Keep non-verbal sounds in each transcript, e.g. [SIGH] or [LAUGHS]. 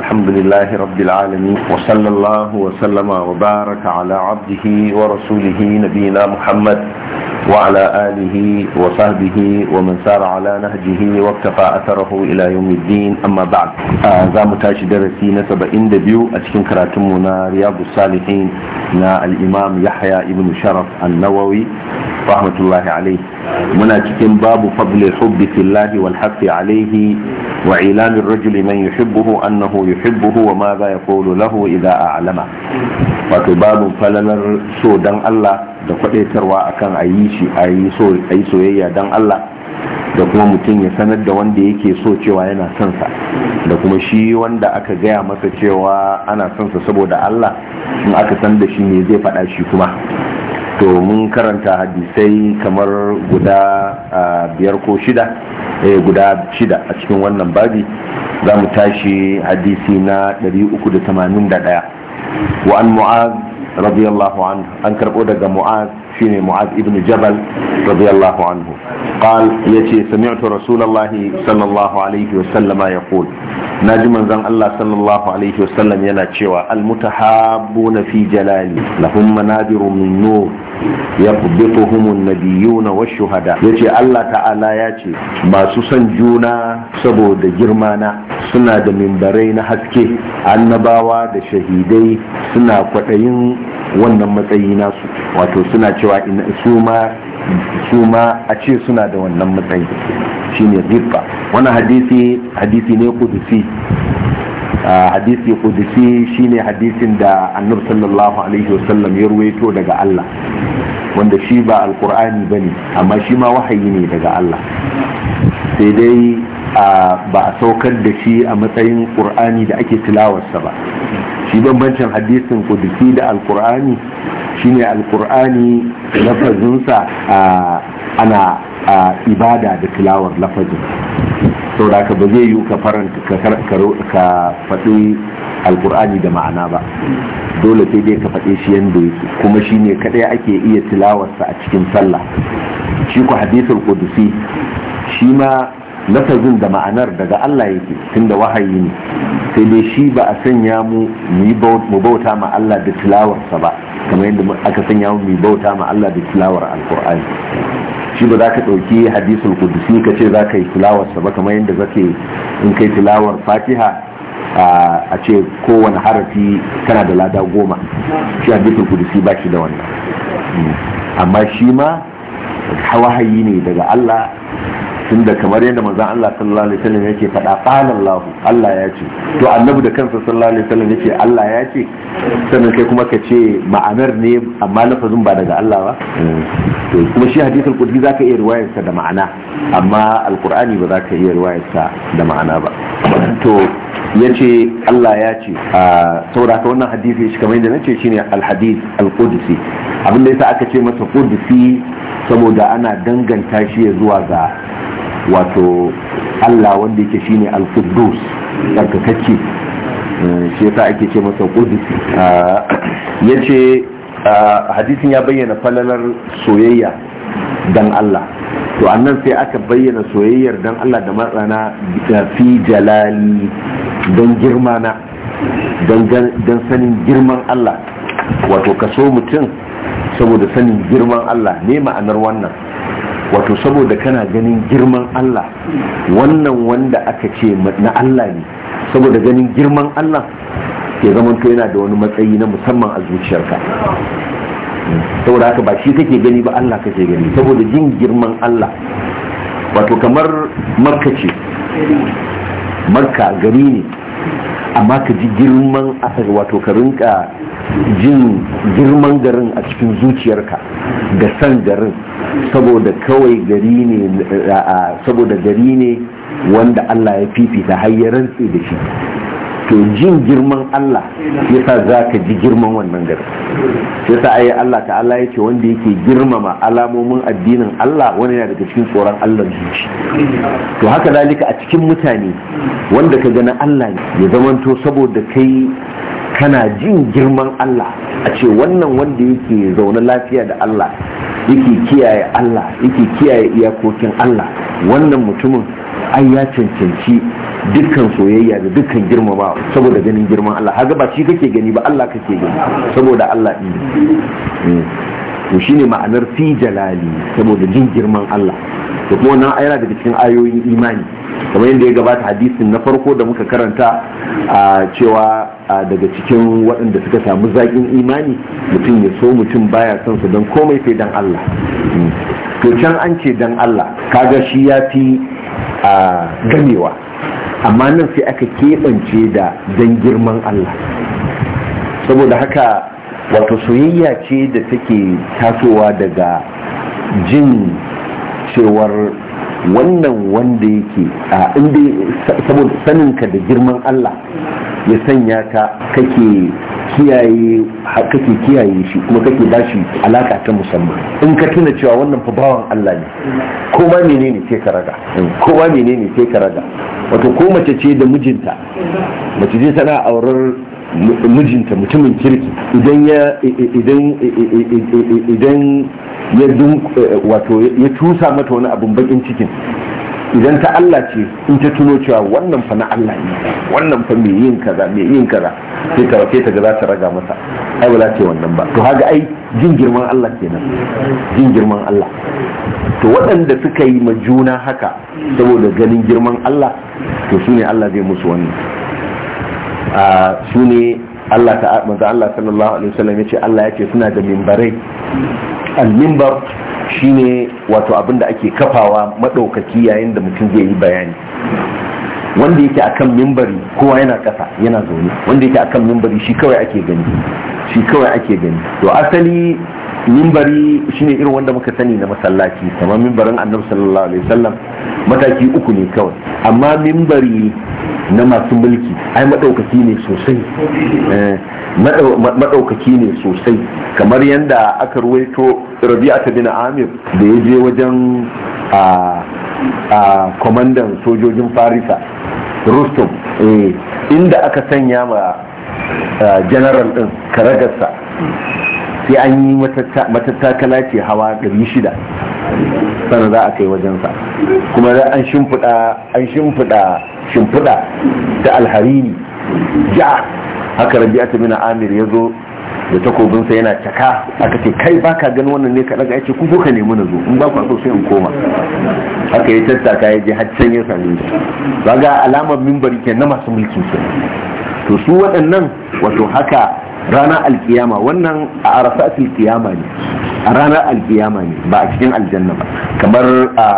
الحمد لله رب العالمين وصلى الله وسلم وبارك على عبده ورسوله نبينا محمد وعلى آله وصحبه ومن سار على نهجه واكتفى أثره إلى يوم الدين أما بعد زام تاشي درسي نسب إند بيو أتكين كراتمنا رياض الصالحين نا الإمام يحيى ابن شرف النووي rahmatullahi alaihi muna cikin babu fadlil hubbi fillahi wal haqqi alaihi wa ilamin rajuli man yuhibbuhu annahu yuhibbuhu wa ma za yaqulu lahu idha a'lama wato babu falalar so dan Allah da kwadaitarwa akan ayi shi ayi so ayi soyayya dan Allah da kuma mutum ya sanar da wanda yake so cewa yana son sa da kuma shi wanda aka gaya masa cewa ana son sa saboda Allah in aka san da shi ne zai faɗa shi kuma to mun karanta hadisai kamar guda biyar ko shida eh guda shida a cikin wannan babi za mu tashi hadisi na 381 wa an mu'az radiyallahu anhu an karɓo daga mu'az shine mu'az ibn jabal radiyallahu anhu قال يتي سمعت رسول الله صلى الله عليه وسلم يقول ناجم زن الله صلى الله عليه وسلم ينا تشوى المتحابون في جلالي لهم منابر من نور يقبطهم النبيون والشهداء يتي الله تعالى يتي ما سسن جونا سبو دا جرمانا سنا دا منبرين حسكي النباوة دا شهيدي سنا فتين wannan matsayi nasu wato suna cewa su ma a ce suna da wannan matsayi shine zibba Wani hadisi hadisi ne kudusi hadisi kudusi shine hadisin da annabi sallallahu alaihi wasallam ya ruwaito daga Allah wanda shi ba alkur'ani bane amma shi ma wahayi ne daga Allah sai dai ba a saukar da shi a matsayin qur'ani da ake tilawarsa ba shi bambancin hadisin kudusi da alkur'ani shine alkur'ani lafazinsa a ana ibada da tilawar lafazin da ka ba zai yi ka faranta ka faɗi alkur'ani da ma'ana ba dole sai dai ka faɗi shi yadda yake kuma shi ne kaɗai ake iya tilawarsa a cikin sallah shi ku hadisul qudusi shi ma lafazin da ma'anar daga Allah yake tunda wahayi ne sai dai shi ba a sanya mu mu bauta ma Allah da tilawarsa ba kamar yadda aka sanya mu mu bauta ma Allah da tilawar alkur'ani shi ba za ka ɗauki hadisul kudusi ka ce za ka yi sa ba kamar yadda zake in kai tilawar fatiha a ce kowane harafi kana da lada goma shi hadisul kudusi ba shi da wannan hmm. amma shi ma wahayi ne daga Allah tunda kamar yadda manzon Allah sallallahu alaihi wasallam yake faɗa qala Allah Allah ya ce to annabi da kansa sallallahu alaihi wasallam yake Allah ya ce sannan kai kuma ka ce ma'anar ne amma lafazin ba daga Allah ba to kuma shi hadithul qudsi zaka iya riwayar sa da ma'ana amma alqur'ani ba zaka iya riwayar sa da ma'ana ba to ya ce Allah ya ce a sauraka wannan hadisi shi kamar yadda na ce shine alhadis alqudsi abinda yasa aka ce masa qudsi saboda ana danganta shi zuwa ga wato Allah wanda yake shine alqudus tsarkakacce eh, shi yasa ake ce masa qudsi ah, ce ah, hadisin ya bayyana falalar soyayya dan Allah to annan sai aka bayyana soyayyar dan Allah da matsana fi jalali don na, don sanin girman Allah wato kaso mutum saboda sanin girman Allah ne ma'anar wannan wato saboda kana ganin girman Allah wannan wanda aka ce na Allah ne saboda ganin girman Allah ke zamanto yana da wani matsayi na musamman a zuciyarka saboda haka ba shi kake gani ba Allah kake gani saboda jin girman Allah wato kamar makka ce makka gari ne amma ka ji girman wato ka rinka jin girman garin a cikin zuciyarka da san garin saboda kawai gari ne saboda gari ne wanda Allah ya fifita har ya rantse da shi to jin girman Allah yasa za ka ji girman wannan gari yasa ayi Allah ta'ala ya ce wanda yake girmama alamomin addinin Allah wani yana daga cikin tsoron Allah zuci to haka zalika a cikin mutane wanda ka gani Allah ya zamanto saboda kai kana jin girman Allah a ce wannan wanda yake zaune lafiya da Allah yake kiyaye Allah yake kiyaye iyakokin Allah wannan mutumin ai ya cancanci dukkan soyayya da dukkan girmamawa saboda ganin girman Allah haka ba shi kake gani ba Allah kake gani saboda Allah din mm. to shine ma'anar fi jalali saboda jin girman Allah to kuma wannan daga cikin ayoyin imani kamar yadda ya gabata hadisin na farko da muka karanta a cewa daga cikin waɗanda suka samu zaƙin imani mutum ya so mutum baya son su don komai sai dan Allah mm. to can an ce dan Allah kaga shi ya fi gamewa amma nan sai aka keɓance da don girman Allah saboda haka wato soyayya ce da take tasowa daga jin cewar wannan wanda yake a inda saboda saninka da girman Allah ya sanya ka kake kiyaye kake kiyaye shi kuma kake ba alaka ta musamman in ka tuna cewa wannan fa bawan Allah ne ko ma menene sai ka raga ko ma menene sai ka raga wato ko mace ce da mijinta mace ce tana aurar mijinta mutumin kirki idan ya idan idan ya wato ya tusa mata wani abun bakin cikin idan ta Allah ce in ta tuno cewa wannan fa na Allah ne wannan fa mai yin kaza mai yin kaza sai ta wace ta ga za ta raga masa ai wala ce wannan ba to haga ai jin girman Allah kenan jin girman Allah to waɗanda suka yi ma juna haka saboda ganin girman Allah to shine Allah zai musu wannan su ne Allah ta maza Allah sallallahu alaihi wasallam yace Allah ce suna da mimbarai al-mimbar shine wato abinda ake kafawa madaukaki yayin da mutum zai yi bayani wanda yake akan mimbari kowa yana kasa yana zaune wanda yake akan mimbari shi kawai ake gani shi kawai ake gani to asali mimbari shine irin wanda muka sani na masallaci kamar mimbarin annabi sallallahu alaihi wasallam mataki uku ne kawai amma mimbari na masu mulki ai madaukaki ne sosai eh, madaukaki ne sosai kamar yadda aka ruwaito rabi'a bin amir da ya je wajen a kwamandan sojojin farisa rustum eh, inda aka sanya ma eh, general din karagarsa sai an yi matattakala ce hawa gari shida sana za a kai wajensa kuma an shimfiɗa an shimfiɗa shimfiɗa ta alharini ja haka rabia ta amir ya zo da takobinsa yana caka aka ce kai baka gani wannan ne kaɗaga? ya ce ku ka nemi na zo in ba ku sai in koma haka ya tattaka ya je haccan ya same shi ba ga alamar mimbar ke na masu mulki ke to su waɗannan wato haka ranar alkiyama wannan a arafatul kiyama ne a ranar alkiyama ne ba a cikin aljanna ba kamar a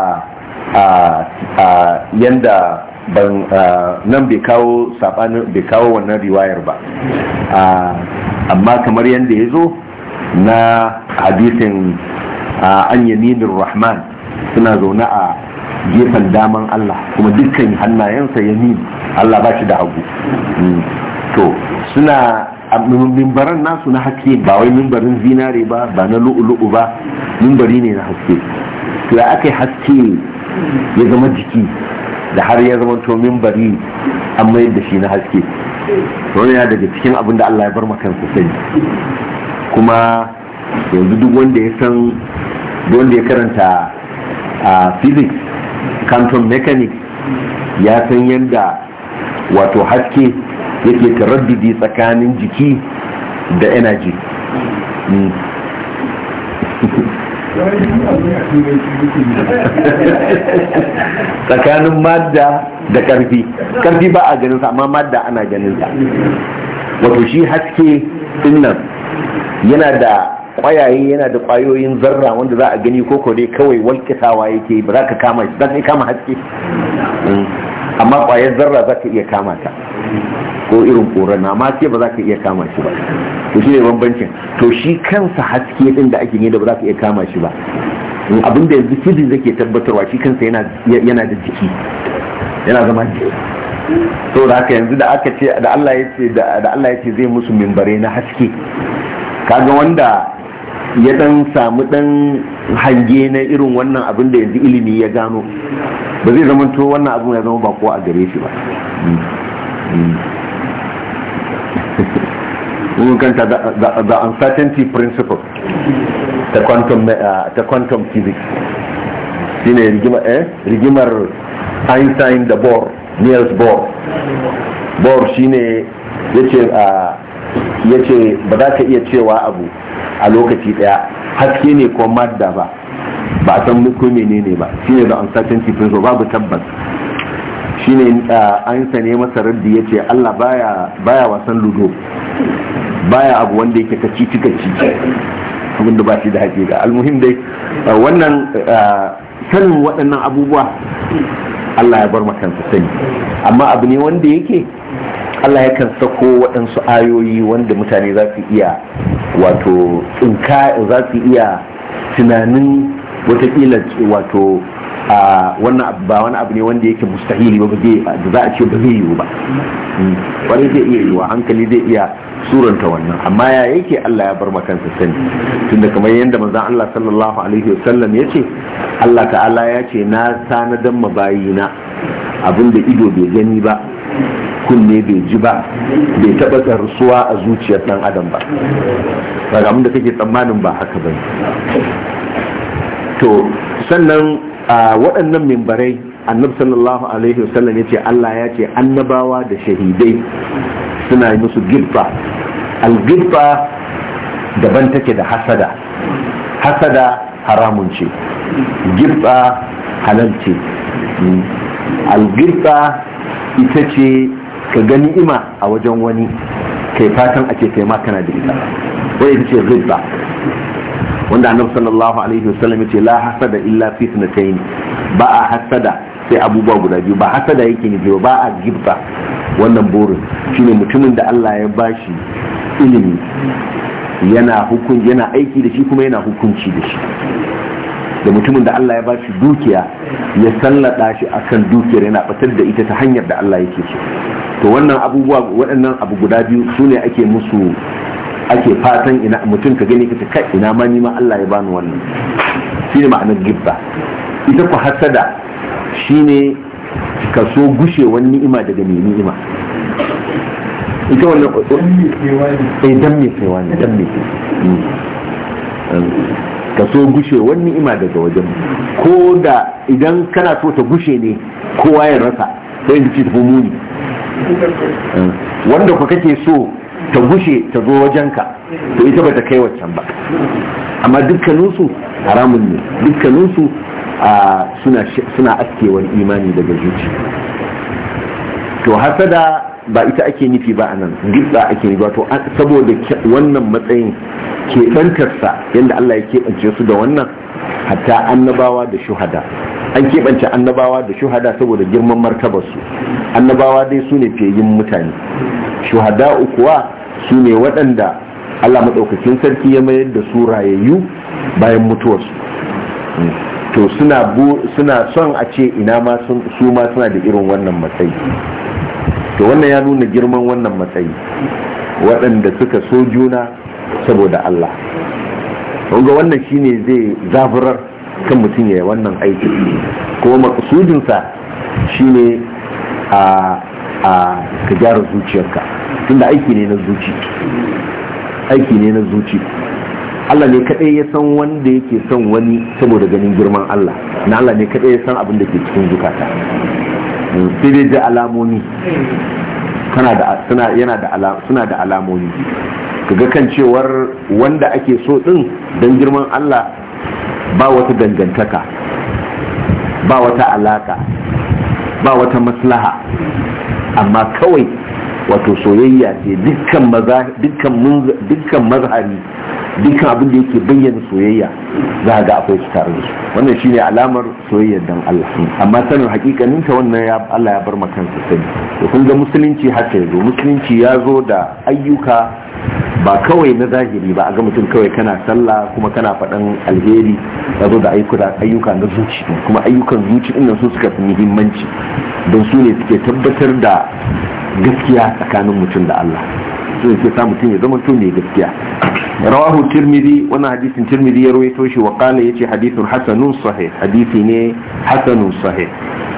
yanda ban nan bai kawo sabanin bai kawo wannan riwayar ba amma kamar yanda ya zo na hadisin an rahman suna zaune a gefen daman Allah kuma dukkan hannayensa yamin Allah ba shi da hagu hmm. to suna mimbaran nasu na haske ba wai mimbarin zinare ba ba na lu'ulu'u ba mimbari ne na haske to ya aka yi haske ya zama jiki da har ya zama to mimbari an mayar da shi na haske wani ya daga cikin abin da Allah ya bar makansa sani kuma yanzu duk wanda ya san wanda ya karanta a physics quantum mechanics ya san yadda wato haske yake taraddudi tsakanin jiki da energy tsakanin madda da karfi karfi ba a ganinsa amma madda ana ganinsa wato shi haske dinnan yana da kwayaye yana da kwayoyin zarra wanda za a gani koko dai kawai walkitawa yake ba za ka kama shi za ka kama haske amma kwayar zarra za ka iya kama ta ko irin koran na amma sai ba za ka iya kama shi ba to shi ne bambancin to shi kansa haske din da ake ne da ba za ka iya kama shi ba abin da yanzu fidin zake tabbatarwa shi kansa yana da jiki yana zama jiki to da haka yanzu da aka ce da Allah ya ce da Allah ya ce zai musu mimbare na haske kaga wanda ya dan samu dan hange na irin wannan abin da yanzu ilimi ya gano ba zai zama to wannan abin ya zama ba kowa a gare shi ba hmm. Hmm. mun kanta the uncertainty principle ta quantum uh, ta quantum physics shine rigimar eh rigimar Einstein da Bohr Niels Bohr Bohr shine yace uh, yace ba za ka iya cewa abu a lokaci daya haske ne ko madda ba ba a san ko menene ba shine da uncertainty principle babu tabbas shine uh, Einstein ya masa raddi yace Allah baya baya wasan ludo baya abu wanda yake kaci ci abin da ba shi da hakika almuhim dai uh, wannan uh, sanin waɗannan abubuwa Allah ya bar makansa sani amma abu ne wanda yake Allah ya kan sako waɗansu ayoyi wanda mutane za su iya wato tsinka za su iya tunanin watakila wato wannan ba wani abu ne wanda yake mustahili ba da za a ce ba zai yiwu ba hmm. wani zai iya yiwa hankali zai iya suranta wannan amma ya yake Allah ya bar makansa sani tunda kamar yadda manzon Allah sallallahu alaihi wasallam ya ce Allah ta'ala ya ce na tanadan mabayina abinda ido bai gani ba kunne bai ji ba bai taɓa tsarsuwa a zuciyar ɗan adam ba Ba ga da kake tsammanin ba haka ba to sannan waɗannan mimbarai annabi sallallahu alaihi wasallam ya ce Allah ya ce annabawa da shahidai suna musu gilfa algilfa daban take da hasada hasada haramun ce gilfa halal ce algilfa ita ce ka gani ima a wajen wani kai fatan ake kai ma da ita wai ita ce gilfa wanda annabi sallallahu alaihi wasallam yace la hasada illa fi sunatayn ba a hasada sai abubuwa guda biyu ba hasada yake ne ba a gibba wannan burin shine mutumin da Allah ya bashi ilimi yana hukun yana aiki da shi kuma yana hukunci da shi da mutumin da Allah ya bashi dukiya ya sallada shi akan dukiyar yana fitar da ita ta hanyar da Allah yake so to wannan abubuwa waɗannan abu guda biyu sune ake musu ake fatan ina mutum ka gani kace kai ina ma ni ma Allah ya bani wannan shine ma'anar gibba ita ku hasada shine ka so gushe wani ni'ima daga mai ni'ima ita wannan eh dan me kai wani dan me hmm. ka so gushe wani ni'ima daga wajen ko da idan kana so ta gushe ne kowa ya rasa sai in ci tafi muni hmm. wanda ku kake so ta gushe ta zo wajenka to ita bata kai waccan ba amma dukkaninsu haramun ne dukkaninsu suna askewar imani daga zuci to hasada ba ita ake nufi ba a nan gitsa ake nufi to saboda wannan matsayin keɓantarsa yadda Allah ya keɓance su da wannan hatta annabawa da shuhada an keɓance annabawa da shuhada saboda girman martabarsu annabawa dai su ne fegin mutane shuhada ukuwa. su ne waɗanda allah maɗaukakin sarki ya mayar da su rayayyu bayan mutuwarsu to suna son a ce ina ma su ma suna da irin wannan matsayi to wannan ya nuna girman wannan matsayi waɗanda suka so juna saboda allah ga wannan shine zai zafirar kan mutum ya yi wannan aiki kuma makasudinsa shine a ka gyara zuciyarka tunda aiki ne na zuci aiki ne na zuci Allah ne kadai ya san wanda yake son wani saboda ganin girman Allah na Allah ne kadai ya san abin da ke cikin zukata hmm, sai da alamomi suna da suna da alamomi kaga kan cewar wanda ake so din dan girman Allah ba wata dangantaka ba wata alaka ba wata maslaha amma kawai wato soyayya ce dukkan mazhari dukkan abin da yake bayyana soyayya za ga akwai su tare da su wannan shine alamar soyayyar dan Allah amma sanin hakikanin ta wannan ya Allah ya bar ma kansa sani to kun ga musulunci haka yazo musulunci ya zo da ayyuka ba kawai na zahiri ba a ga mutum kawai kana sallah kuma kana faɗan alheri ya zo da ayyuka na zuci kuma ayyukan zuci ɗin su suka fi muhimmanci don su ne suke tabbatar da gaskiya tsakanin mutum da Allah sun ke sa mutum ya zama to mai gaskiya rawahu tirmidhi wannan hadisin tirmidhi ya rawaito shi wa qala yace hadithun hasanun sahih hadisi ne hasanun sahih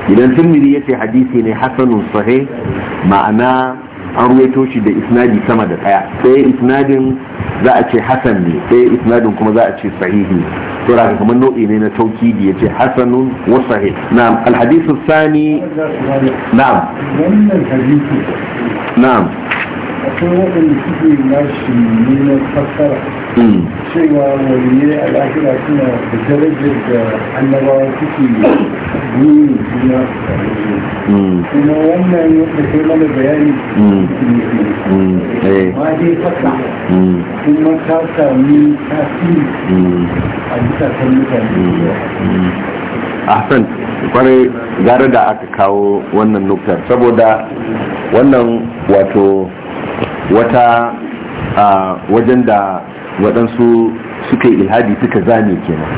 idan tirmidhi yace hadisi ne hasanun sahih ma'ana an ruwaito shi da isnadi sama da daya sai isnadin za a ce hasan ne sai isnadin kuma za a ce sahihi to da kamar nau'i ne na taukidi yace hasanun wa sahih na'am al Sani. na'am na'am akwai waɗanda suke nashi neman fassara hmm. cewa wani a lahira suna da darajar da annabawa suke nuni suna hmm. kuma wannan yadda kai mana bayani hmm. eh. ma dai fasa kuma ta sami tasiri a bisa kan mutane ahsan kwarai gara da aka kawo wannan nukta saboda wannan wato wata wajen da waɗansu suka yi ilhadi suka zane kenan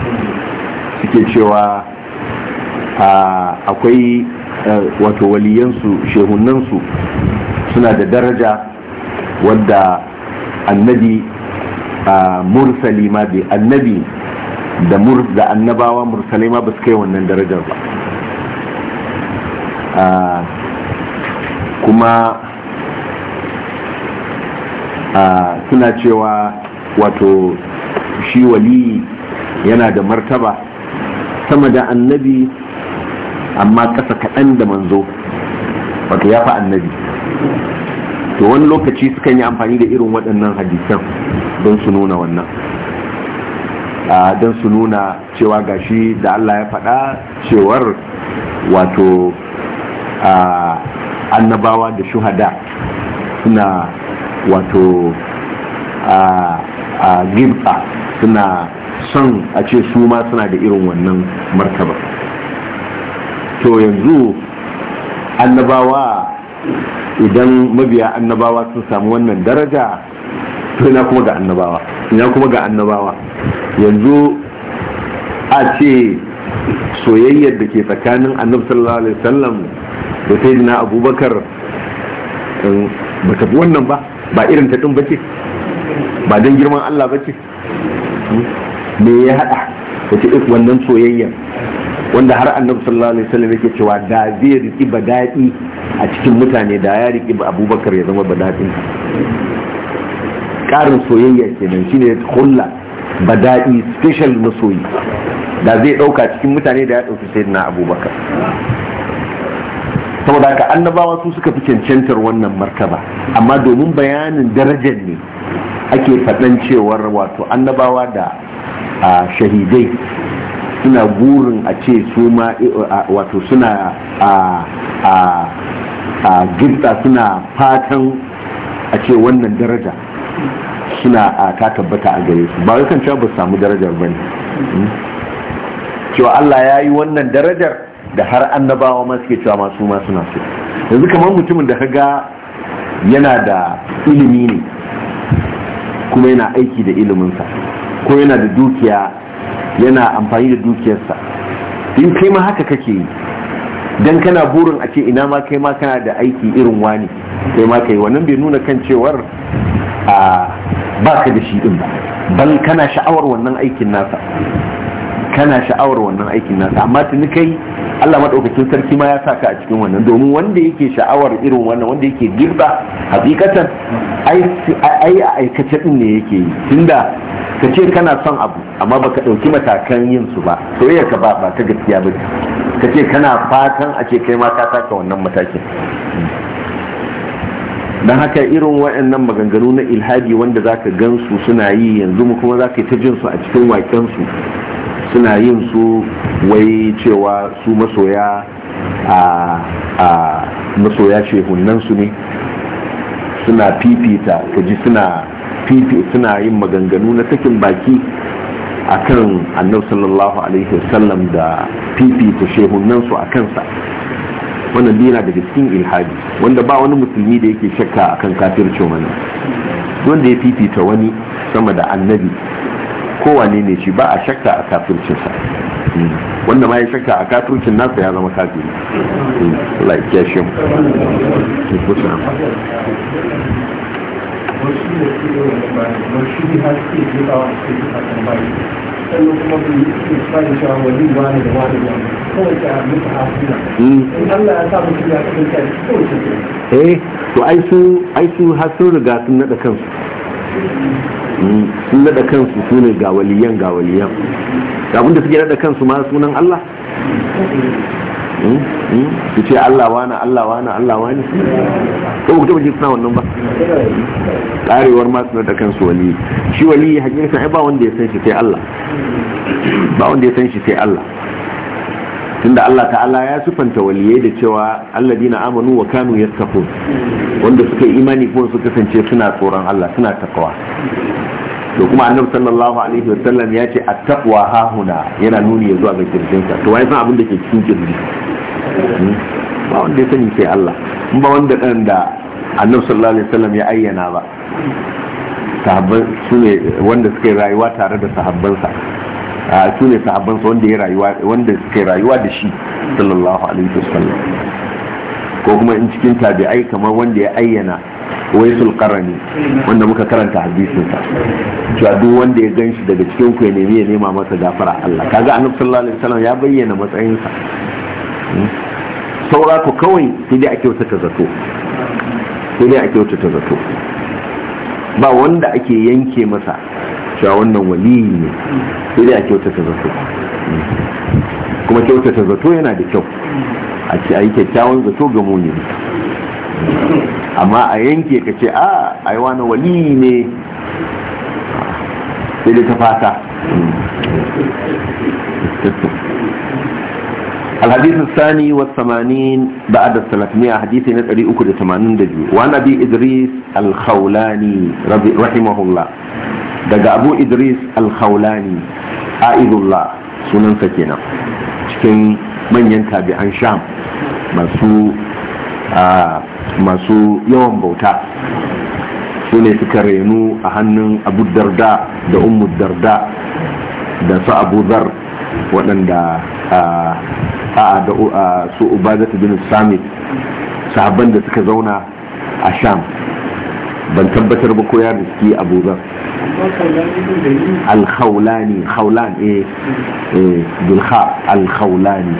suke cewa akwai wato waliyansu shehunansu suna da daraja wadda annabi mursali ma bai annabi da annabawa mursalai ma ba su kai wannan darajar ba kuma suna cewa wato shi wali yana da martaba sama da annabi amma ƙasa kaɗan da manzo wato ya fi annabi to wani lokaci sukan yi amfani da irin waɗannan hadisan don su nuna wannan don su nuna cewa gashi da Allah ya faɗa cewar wato annabawa da shuhada suna wato a girka suna son a ce su ma suna da irin wannan martaba to yanzu annabawa idan mabiya annabawa sun samu wannan daraja to ina kuma ga annabawa ina kuma ga annabawa yanzu a ce soyayyar da ke tsakanin annabi sallallahu alaihi wasallam da sayyidina abubakar um, ba ta wannan ba ba irin ta ɗin ba ce ba don girman Allah ba ce me ya haɗa da ce wannan soyayya wanda har annabi sallallahu alaihi wasallam yake cewa da zai riki daɗi a cikin mutane da ya riki abubakar ya zama ba badadin karin soyayya kenan shine ba daɗi special masoyi da zai dauka cikin mutane da ya dauki sayyidina abubakar saboda haka annabawa su suka fi cancantar wannan martaba amma domin bayanin darajar ne ake faɗan cewar wato annabawa da shahidai suna burin a ce su ma wato suna a girta suna fatan a ce wannan daraja suna ta tabbata a gare su ba kan cewa ba su samu darajar ba ne hmm? cewa allah ya yi wannan darajar da har annabawa ma suke cewa masu ma suna so yanzu kamar mutumin da ka ga yana da ilimi ne kuma yana aiki da iliminsa ko yana da dukiya yana amfani da dukiyarsa in kai ma haka kake yi dan kana burin a ce ina ma kai ma kana da aiki irin wani kai ma kai wannan bai nuna kan cewar a ka da shi din ba bal kana sha'awar wannan aikin nasa kana sha'awar wannan aikin nasa amma tuni kai Allah madaukakin sarki ma ya saka a cikin wannan domin wanda yake sha'awar irin wannan wanda yake girba hakikatan ai a aikace din ne yake yi tunda ka ce kana son abu amma baka dauki matakan yin su ba soyayya ka ba ba ta gaskiya ba ka ce kana fatan a ce kai ma ka saka wannan matakin don haka irin waɗannan maganganu na ilhadi wanda zaka ka gansu suna yi yanzu kuma zaka ka yi ta jinsu a cikin su suna yin su wai cewa su masoya a masoya shehunansu ne suna fifita ji suna suna yin maganganu na sakin baki a kan annabi sallallahu alaihi wasallam da fifita shehunansu a kansa wannan dina daga cikin ilhadi wanda ba wani musulmi da yake shakka akan kan wannan wanda ya fifita wani sama da annabi kowane ne shi ba a shakka a kafircinsa wanda ma ya shakka a kafircin nasa ya zama kafin. like eh, su ai su har sun naɗa kansu sun nada kansu su ne ga waliyan ga waliyan abinda suke nada kansu ma sunan Allah hmm? Hmm? su ce Allah wani Allah wani Allah wani ko ku taba suna wannan ba karewar ma su nada kansu wali shi wali hakikatan ai ba wanda ya san shi sai Allah ba wanda ya san shi sai Allah tunda Allah ta'ala ya sifanta waliyai da cewa na amanu wa kanu yattaqun wanda suka imani kuma suka kasance suna tsoron Allah suna takwa to kuma annabi sallallahu alaihi wa sallam ya ce at-taqwa huna yana nuni ya zuwa ga ka to wai san abin da ke cikin kirji hmm? ba wanda ya sani sai Allah in ba wanda dan da annabi sallallahu alaihi wa sallam ya ayyana ba sahabban su ne wanda suka rayuwa tare da sa a su ne sahabbansa wanda ya rayuwa wanda suka rayuwa da shi sallallahu alaihi wasallam ko kuma in cikin tabi'ai kamar wanda ya ayyana waisul karani wanda muka karanta sa cewa duk wanda ya gan shi daga cikin ku ya nemi ya nema masa gafara Allah kaga annabi sallallahu alaihi wasallam ya bayyana matsayinsa hmm? saura ku kawai sai dai a wata zato sai dai ake wata zato ba wanda ake yanke masa cewa wannan wali ne sai dai a kyautata zato kuma kyautata zato yana da kyau a ce a yi kyakkyawan zato ga muni amma a yanke ka ce a ah, ai wani wali ne sai dai ta fata الحديث الثاني والثمانين بعد الثلاثمية حديث نتري أكد الثمانين دجو وعن أبي إدريس الخولاني رحمه الله daga abu idris al-khawlani aidullah sunansa kenan cikin manyan tabi'an sham masu masu yawan bauta su ne suka renu a hannun abu darda da ummu darda da su abu zar waɗanda a su ubada ta bin sami sahabban da suka zauna a sham ban tabbatar ba ko ya riski abu zar alkhawlani khawlan eh eh dulkha alkhawlani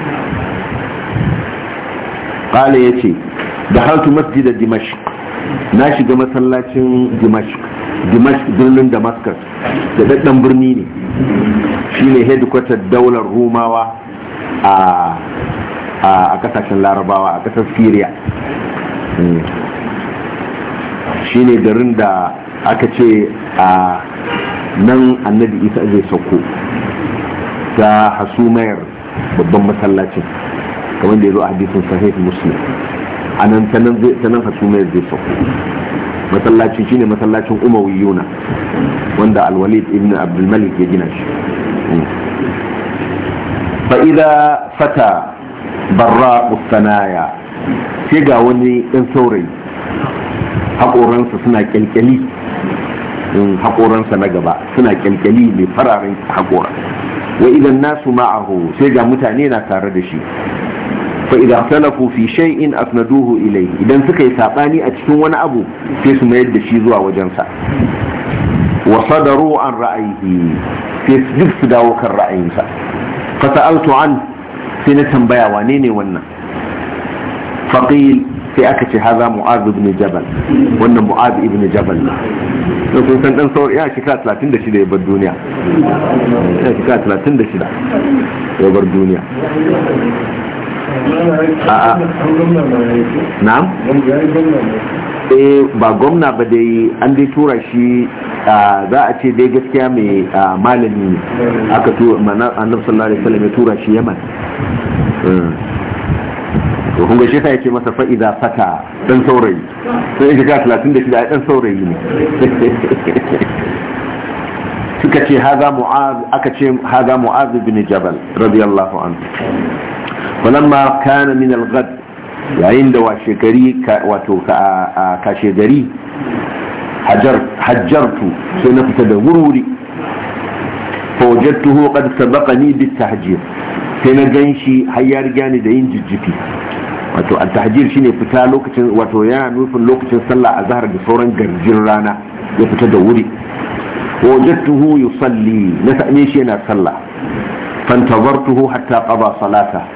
qala yace dahaltu masjid dimashq na shiga masallacin dimashq dimashq birnin damascus da daddan birni ne shine headquarter daular rumawa a a kasashen larabawa a kasar syria hmm. shine garin da aka ce a nan annabi isa zai sauko ta hasumayar babban masallacin kamar da ya zo a hadisin sahih muslim a nan ta nan hasumayar zai sauko masallaci shine masallacin umawiyuna wanda alwalid ibn abdulmalik ya gina shi fa'ida fata barra ustanaya sai ga wani ɗan saurayi haƙoransa suna kyalkyali in haƙoransa na gaba suna kyalkyali mai fararen haƙora wa idan nasu ma'ahu sai ga mutane na tare da shi fa idan talafu fi shay'in asnaduhu ilai idan suka yi sabani a cikin wani abu sai su mayar da shi zuwa wajensa wa sadaru an ra'ayihi sai su duk su dawo kan ra'ayinsa fa sa'altu an sai na tambaya wane ne wannan faqil sai aka ce haza mu'az ibn jabal wannan mu'az ibn jabal da kun san dan sauri ya shekara 36 ya bar duniya ya shekara 36 ya bar duniya a'a na'am eh ba gwamna ba dai an dai tura shi za a ce dai gaskiya mai malami aka tura annabi sallallahu alaihi wasallam ya tura shi yaman hmm. to kun ga shi sai ce masa fa'ida fata dan saurayi sai ya shiga 36 ai dan saurayi ne [LAUGHS] suka ce haza mu'az aka ce haza mu'az ibn jabal radiyallahu anhu walamma kana min al-ghad yayin da washe gari wato kashe gari hajjartu sai na fita da wuri fawajattuhu qad sabaqani bit tahjir sai na ganshi har ya riga ni da yin jijjifi wato al tahjir shine fita lokacin wato yana nufin lokacin sallah a zahar da sauran garjin rana ya fita da wuri wajadtuhu yusalli na same shi yana sallah fantazartuhu hatta qada salata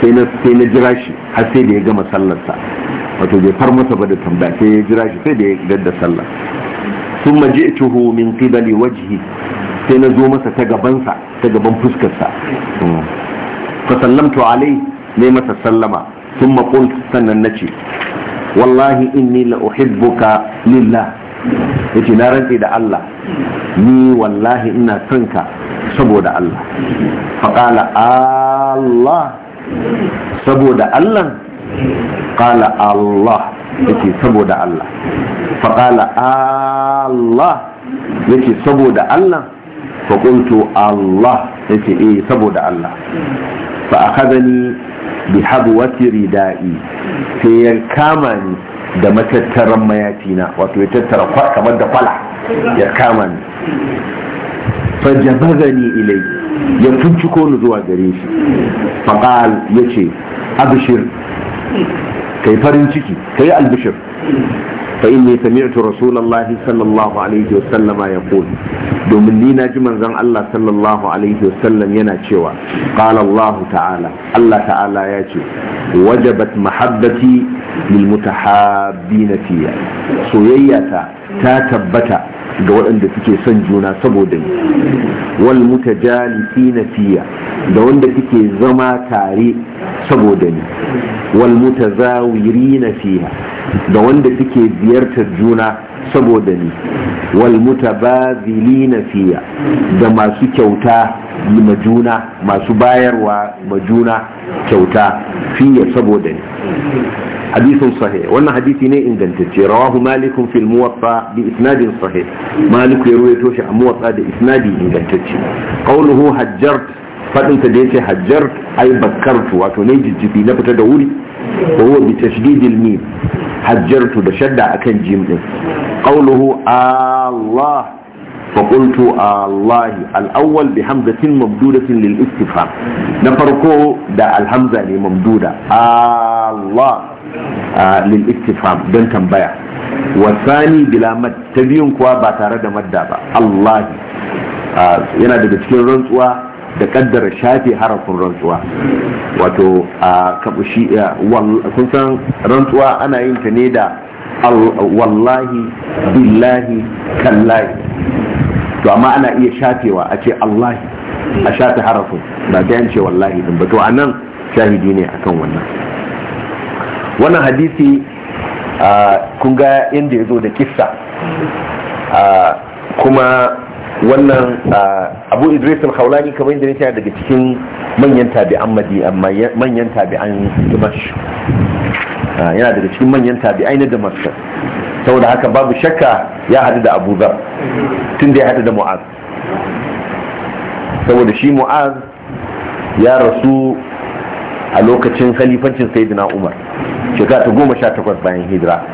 sai na sai na jira shi har sai da ya gama sallarsa wato bai far masa ba da tambaya sai ya jira shi sai da ya gadda sallah thumma ji'tuhu min qibali wajhi sai na zo masa ta gabansa ta gaban fuskarsa hmm. fa sallamtu alai ne masa sallama ثم قلت سننتي والله إني لأحبك لله yace na rantse da Allah ni wallahi ina son ka saboda Allah faƙala Allah saboda Allah ƙala Allah yace saboda Allah faƙala Allah yace saboda Allah faƙuntu Allah yace eh saboda Allah fa akhadani bi wasu ridai sai ya kama ni da matattaran mayafi na wato ya tattara kamar da fala ya kama ni fa jabazani ilai ya tunciko ni zuwa gare shi faqal yace abshir kai farin ciki kai albishir فإني سمعت رسول الله صلى الله عليه وسلم يقول domin ni na ji manzon Allah sallallahu alaihi wasallam yana cewa qala Allah ta'ala Allah ta'ala ya ce wajabat mahabbati lil mutahabbina fiya soyayyata ta tabbata ga waɗanda suke son juna saboda ni wal mutajalisi fiya da wanda suke zama tare saboda ni wal na fiya da wanda suke ziyartar juna saboda ni walmutabazili na fiya da masu kyauta majuna masu bayarwa majuna kyauta fiya saboda ni hadisin sahi wannan hadisi ne ingantacce rawahu malikun fil muwatta bi isnadin sahi maliku ya ruwaito shi a muwatta da isnadi ingantacce qawluhu hajjar fadin ta da yace hajjar ay bakkartu wato nai jijjibi na fita da wuri وهو بتشديد الميم حجرت بشدة أكن جيم دي. قوله الله فقلت الله الأول بحمزة ممدودة للاستفهام نفرقه دا الحمزة ممدودة الله آه للاستفهام دن تنبيع والثاني بلا مد تبين كوا باتارد مد الله آه ينا دا تكين رنسوا da kaddara shafe harafin rantsuwa wato a kabushi kun san rantsuwa ana yin ta ne da wallahi billahi kallahi to amma ana iya shafewa a ce allahi a shafe harafin ba ta yance wallahi din ba to a nan shahidi ne akan wannan wannan hadisi kun ga yadda ya zo da kissa kuma wannan abu idris al-khawlani kamar yadda nake daga cikin manyan tabi'an amma manyan tabi'an dimash yana daga cikin manyan tabi'ai na dimash saboda haka babu shakka ya hadu da abu zar tun da ya hadu da mu'az saboda shi mu'az ya rasu a lokacin khalifancin sayyidina umar shekara ta goma sha takwas bayan hijira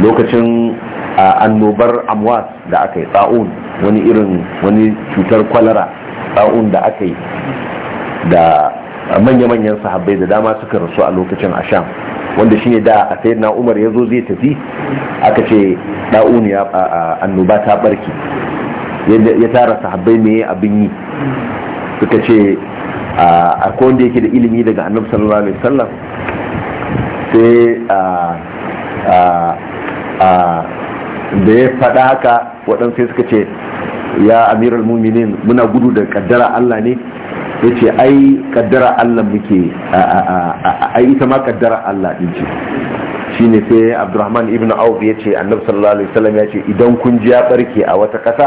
lokacin A annobar amwas da aka yi tsa'un wani irin wani cutar kwalara tsa'un da aka yi da manya-manyan sahabbai da dama suka rasu a lokacin a asham wanda shi ne da a sai na umar ya zo zai tafi aka ce ɗa'un ya annoba ta barki ya tara sahabbai mai abin yi suka ce a wanda yake da ilimi daga annabi sallallahu alaihi sai da ya faɗa haka waɗansu suka ce ya amirul muminin muna gudu da kaddara Allah ne ya ce ai kaddara Allah muke ai ita ma kaddara Allah din ce shi ne sai abdurrahman ibn auf ya ce annabi sallallahu alaihi wasallam ya ce idan kun ji ya barke a wata ƙasa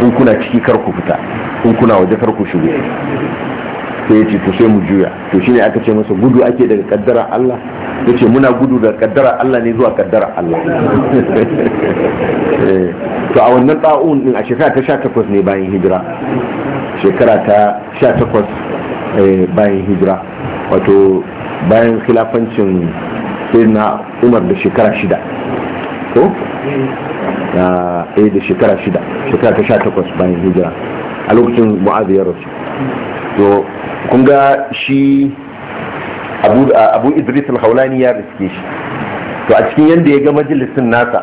in kuna ciki kar ku fita in kuna waje kar ku shigo sai ya ce to sai mu juya to shine aka ce masa gudu ake daga kaddara Allah ya ce muna gudu daga kaddara Allah ne zuwa kaddara Allah [LAUGHS] eh, to a wannan ta'un din a shekara ta 18 ne bayan hijira shekara ta 18 eh, bayan hijira wato bayan khilafancin sayyidina Umar da shekara shida ko ah, eh da shekara shida shekara ta 18 bayan hijira a lokacin mu'azu ya rasu to kun ga shi abu idris al-haulani ya riske shi to a cikin yadda ya ga majalisun nasa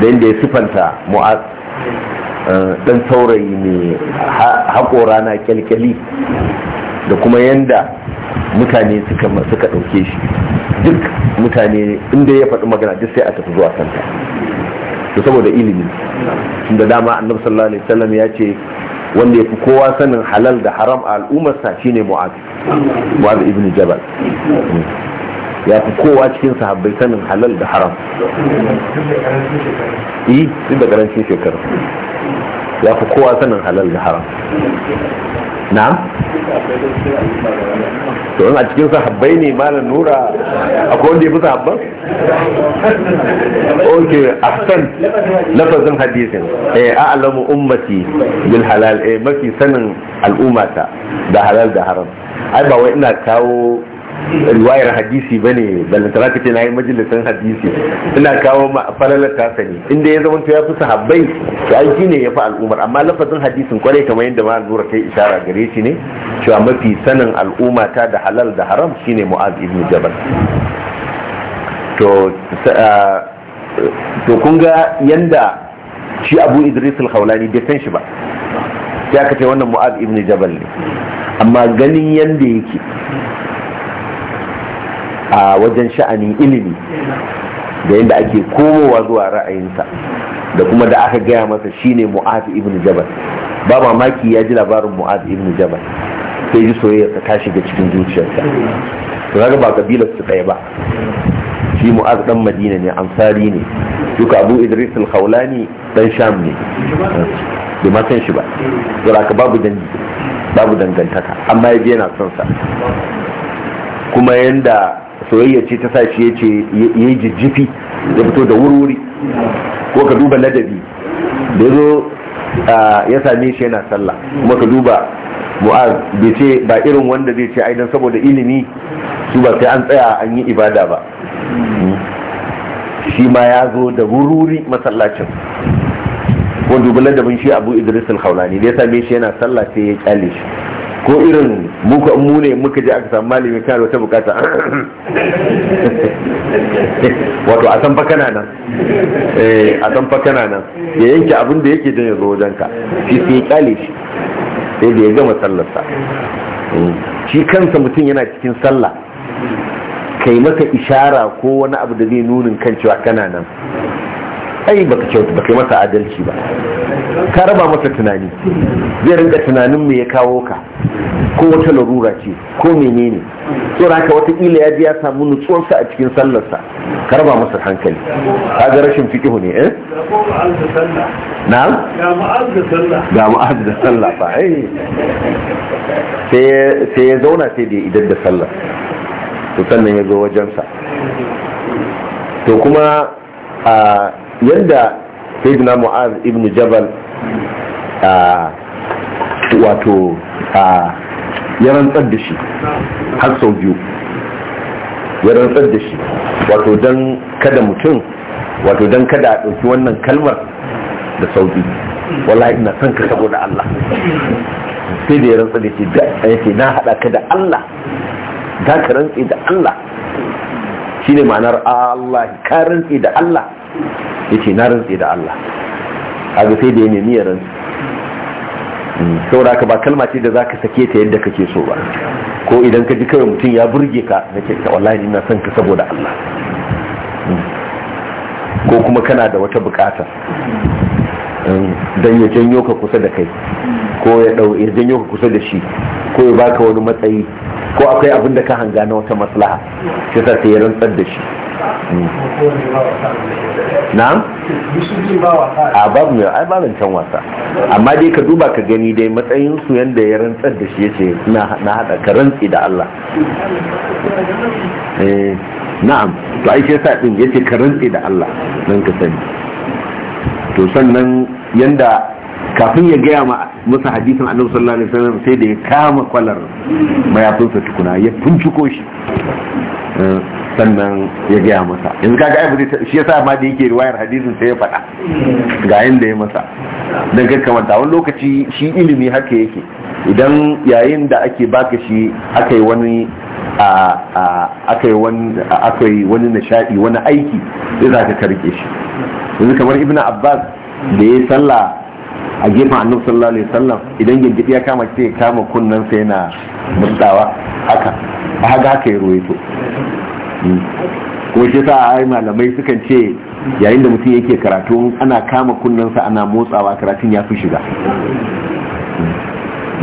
da yadda ya sifanta mu'az eh, dan saurayi mai haƙora na kyalkyali da kuma yadda mutane suka ɗauke shi duk mutane inda ya faɗi magana duk sai a tafi zuwa santa to saboda ilimi da dama annabi sallallahu alaihi wasallam ya ce wanda ya fi kowa sanin halal da haram a al'ummarsa shine mu'az mu'az ibn jabal ya fi kowa cikin sahabbai sanin halal da haram yi eh, duk da karancin shekaru ya fi kowa sanin halal da haram na to a cikin sahabbai ne malam nura akwai wanda ya fi sahabban ok ahsan lafazin hadisin eh a'lamu ummati bil halal eh mafi sanin al'ummata da halal da haram ai ba wai ina kawo riwayar hadisi ba ne balantana ka ce na yi majalisar hadisi ina kawo ma falalar tasa ne inda ya zama ya fi sahabbai to an shi ne ya fi al'ummar amma lafazin hadisin kwarai kamar yadda ma nura ta yi ishara gare shi ne cewa mafi sanin al'umma ta da halal da haram shi ne mu'az ibn jabal to to kun ga yanda shi abu idris al-khawlani bai san shi ba ya kace wannan mu'az ibn jabal ne amma ganin yanda yake a wajen sha'anin ilimi da yadda ake komowa zuwa ra'ayinsa da kuma da aka gaya masa shine mu'az ibn jabal ba mamaki ya ji labarin mu'az ibn jabal sai ji soyayya ta shiga cikin zuciyarsa to kaga ba kabilar su ɗaya ba shi mu'az ɗan madina ne ansari ne duka abu idris al-khawlani dan sham ne bai ma san shi ba to haka babu dangantaka amma ya je yana sonsa, kuma yanda soyayya ce ta sashi ya ce ya yi jijjifi ya fito da wurwuri ko ka duba ladabi da zo ya same shi yana sallah kuma ka duba mu'az bai ce ba irin wanda zai ce aidan saboda ilimi su ba sai an tsaya an yi ibada ba hmm. shi ma ya zo da wurwuri masallacin ko duba ladabin shi abu idris al-haulani da ya same shi yana sallah sai ya kyale shi ko irin muka mu ne muka je aka samu malami kan wata bukata [LAUGHS] wato a san fakana nan eh a san fakana nan ya yanke abin da yake don ya zo wajen ka shi sai kyale shi sai da ya gama sallarsa hmm. shi kansa mutum yana cikin sallah kai maka ishara ko wani abu da zai nunin kan cewa kana nan ai baka kyautu baka masa adalci ba ka raba masa tunani zai rinka tunanin me ya kawo ka ko wata larura ce ko menene So haka watakila ya ji ya samu nutsuwarsa a cikin sallarsa ka raba masa hankali Ka ga rashin fikihu ne eh na'am ga ma'az da sallah ga ma'az sallah fa eh sai sai ya zauna sai da idan da sallah to sannan ya zo wajensa to kuma a Yadda sayyidina mu'az ibn jabal wato ya rantsar da shi har sau biyu ya rantsar da shi wato don kada mutum wato don kada a ɗauki wannan kalmar da biyu wallahi ina son ka saboda Allah sai da ya rantsar da shi yake na haɗa ka da Allah za ka rantsi da Allah shi ne ma'anar Allah ka rantsi da Allah yace na rantse da Allah ga sai da ya nemi ya rantsi hmm, Sa'ura ka ba kalma ce da za ka sake ta yadda kake so ba ko idan ka ji kawai mutum ya burge ka na ce ta wallahi ina son ka saboda Allah hmm, ko kuma kana da wata bukata hmm, dan ya janyo ka kusa da kai ko ya dau ya janyo ka kusa da shi ko ya baka wani matsayi ko akwai abin da ka hanga na wata maslaha shi sai ya rantsar da shi Hmm. na'am a babu mai ai babin can wasa amma dai ka duba ka gani dai matsayin su yanda ya rantsar da shi yace na hada ka rantsi da Allah eh na'am to ai sai sa din yace ka rantsi da Allah nan ka sani to sannan yanda kafin ya gaya ma musu hadisin annabi sallallahu alaihi wasallam sai da ya kama kwalar mayafinsa tukuna ya finciko shi eh, sannan ya gaya masa yanzu kaga ai bude shi yasa ma da yake riwayar hadisin sai ya faɗa ga yanda ya masa dan kamar wani lokaci shi ilimi haka yake idan yayin da ake baka shi aka yi wani aka yi wani nishadi wani aiki sai za ka karke shi yanzu kamar ibn abbas da ya salla a gefen annabi sallallahu alaihi wasallam idan gingidi ya kama sai ya kama kunnan sai yana mutsawa haka haka haka ya ruwaito ko shi sa ai malamai sukan ce yayin da mutum yake karatu ana kama kunnensa ana motsawa karatun ya fi shiga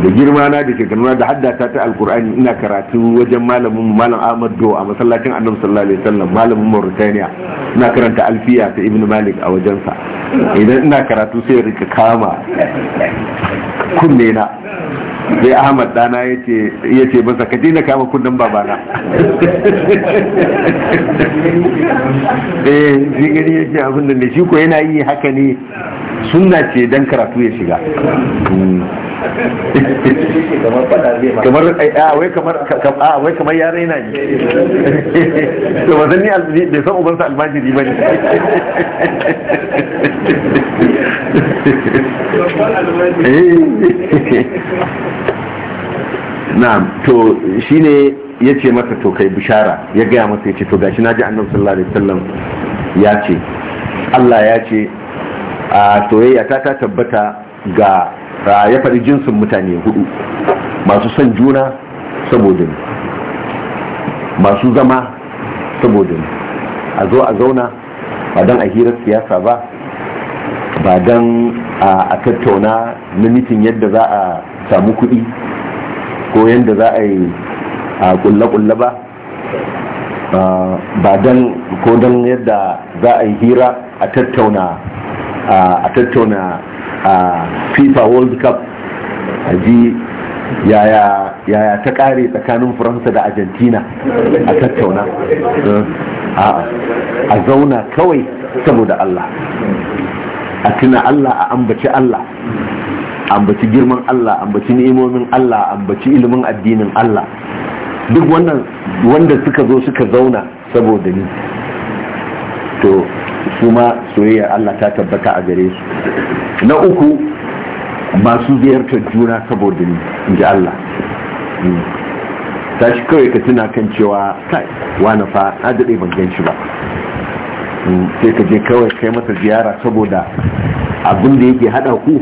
da girma na da shekaru da haddata ta alkur'ani ina karatu wajen malamin malam ahmad do a masallacin annabi sallallahu alaihi wasallam malamin mauritania ina karanta alfiya ta ibnu malik a wajensa idan ina karatu sai ya rika kama kunne na sai ahmad dana ya ce masa ka na kama kunnen babana eh shi gani ya ce abin da ne shi ko yana yi haka ne sunna ce dan karatu ya shiga hmm. kamar a wai kamar a wai kamar ya raina ne to ba zan ni bai san ubansa almajiri ba ne na'am to shine ya ce masa to kai bishara ya gaya masa ya ce to gashi na ji annabi sallallahu alaihi wasallam ya ce Allah ya ce a soyayya ta ta tabbata ga ya faɗi jinsin mutane hudu masu son juna saboda ne masu zama saboda ne a zo a zauna ba don a hirar siyasa ba ba don a tattauna na mitin yadda za a samu kuɗi ko yadda za a yi a kulle-kulle ba ba don ko don yadda za a yi hira a tattauna a tattauna a fifa world cup a ji yaya ta kare tsakanin faransa da argentina a tattauna a zauna kawai saboda allah a tuna allah a ambaci allah ambaci girman allah ambaci ni'imomin allah ambaci ilimin addinin allah duk wannan wanda suka zo suka zauna saboda ni to su ma soyayyar Allah ta tabbata a gare su na uku masu ziyartar juna saboda ni in ji Allah hmm. ta shi kawai ka tuna kan cewa kai wani fa na daɗe ban gan shi ba hmm. sai ka je kawai kai masa ziyara saboda abin da yake haɗa ku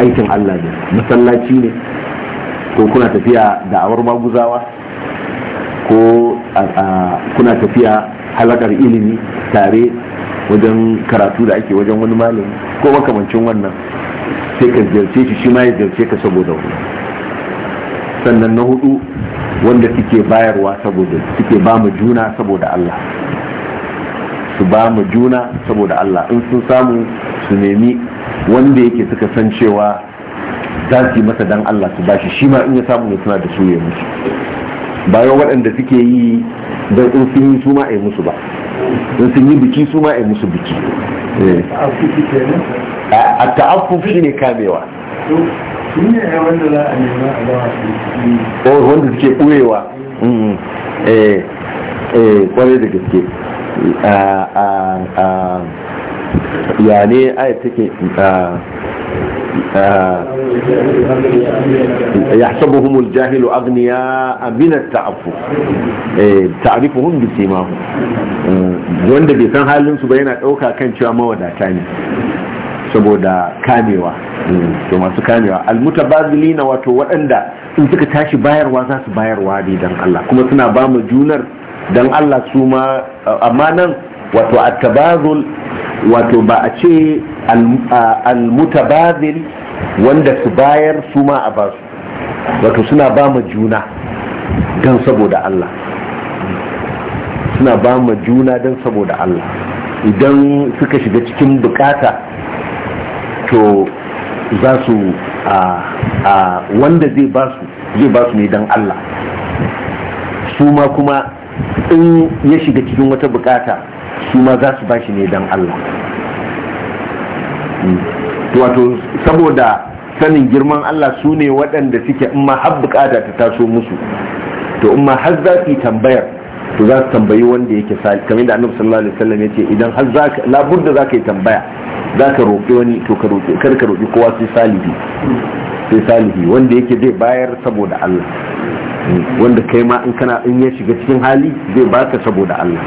aikin Allah ne masallaci ne ko kuna tafiya da awar maguzawa ko kuna tafiya halakar ilimi tare wajen karatu da ake wajen wani malami ko makamancin wannan sai ka ziyarce shi shi ma ya ziyarce ka saboda wani sannan na hudu wanda suke bayarwa saboda suke ba mu juna saboda Allah su ba mu juna saboda Allah in sun samu su nemi wanda yake suka san cewa za su yi masa dan Allah su bashi shi ma in ya samu ne suna da su ya musu bayan waɗanda suke yi don in sun yi su ma a yi musu ba don sun yi biki su ma a musu biki eh. a ta'affuf shi ne kamewa wanda suke ɓurewa kwarai mm-hmm. eh, eh, da gaske ya ne aya take يحسبهم الجاهل أغنياء من التعفف تعرفهم بسيماهم wanda bai san halin su ba yana ɗauka kan cewa mawadata ne saboda kamewa to masu kamewa na wato waɗanda in suka tashi bayarwa za su bayarwa ne don Allah kuma suna ba mu junar don Allah su ma amma nan wato at wato ba a ce al-mutabazil wanda su bayar su ma a basu wato suna ba mu juna don saboda Allah suna ba mu juna don saboda Allah idan suka shiga cikin bukata to za su a wanda zai ba su zai ba su ne don Allah su ma kuma in ya shiga cikin wata bukata su ma za su ba shi ne don Allah hmm. wato saboda sanin girman Allah su ne waɗanda suke in ma har ta taso musu to in ma har za su yi tambayar to za su tambayi wanda yake sali kamar da annabi sallallahu alaihi wasallam yace idan har za ka labudda za ka yi tambaya za ka roƙi wani to ka roƙi kar ka roƙi kowa sai salihi sai salihi wanda yake zai bayar saboda Allah wanda kai ma in kana in ya shiga cikin hali zai baka saboda Allah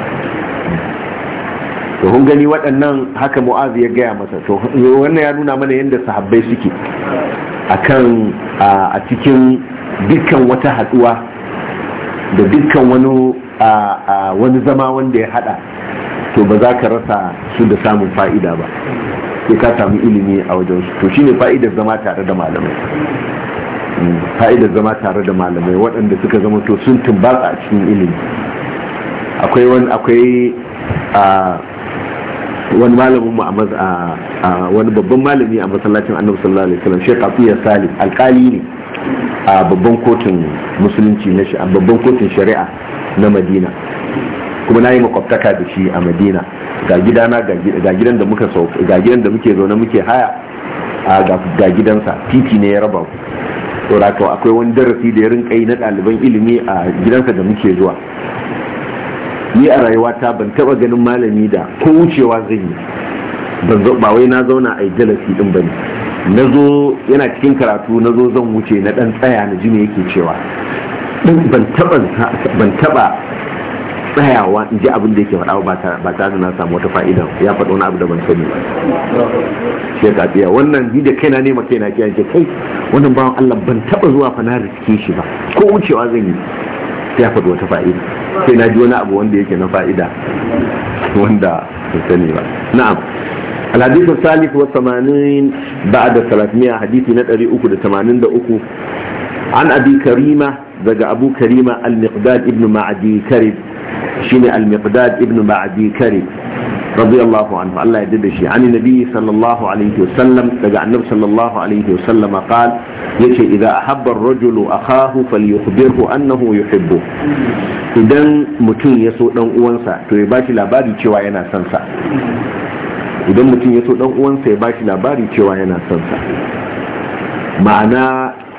to kun gani waɗannan haka mu'az ya gaya masa to wannan ya nuna mana yadda sahabbai suke akan a cikin dukkan wata haɗuwa da dukkan wani wani zama wanda ya haɗa, to ba za ka rasa su da samun fa'ida ba sai ka samu ilimi a wajen su to shine fa'idar zama tare da malamai mm, fa'idar zama tare da malamai waɗanda suka zama to sun tumbatsa a cikin ilimi akwai wani akwai wani malamin mu a wani babban malami a masallacin annabi sallallahu alaihi wasallam Sheikh Afiya Salim alkali ne a babban kotun musulunci na babban kotun shari'a na Madina kuma na yi makwabtaka da shi a Madina ga gidana ga gidan da muka ga gidan da muke zaune muke haya ga gidansa titi ne ya raba ku. to akwai wani darasi da ya rinka yi na ɗaliban ilimi a gidansa da muke zuwa ni a rayuwata ban taba ganin malami da ko wucewa zai yi Ban ba wai na zauna a jalasi din bane na zo yana cikin karatu na zo zan wuce na dan tsaya na ji me yake cewa ban taba tsayawa in ji abin da yake faɗa ba ta da na samu wata fa'ida ya faɗo wani abu da ban sani ba shi ka tsaya wannan ni da kaina ne makaina ke yanke kai wannan bawan Allah ban taba zuwa fa na riske shi ba ko wucewa zan yi ya faɗi wata fa'ida sai na ji wani abu wanda yake na fa'ida wanda ba sani ba na'am alhadithu salih wa samanin ba'da salatmiya hadithi na ɗari uku da tamanin da uku an abi karima daga abu karima al-miqdad ibn ma'adi karib shine al-miqdad ibn ma'adi karib radiyallahu anhu Allah ya dade shi an nabi sallallahu alaihi wasallam daga annabi sallallahu alaihi wasallam qal yace idza ahabba annahu yuhibbu idan mutum ya so dan uwansa to ya bashi labari cewa ya so dan uwansa ya ma'ana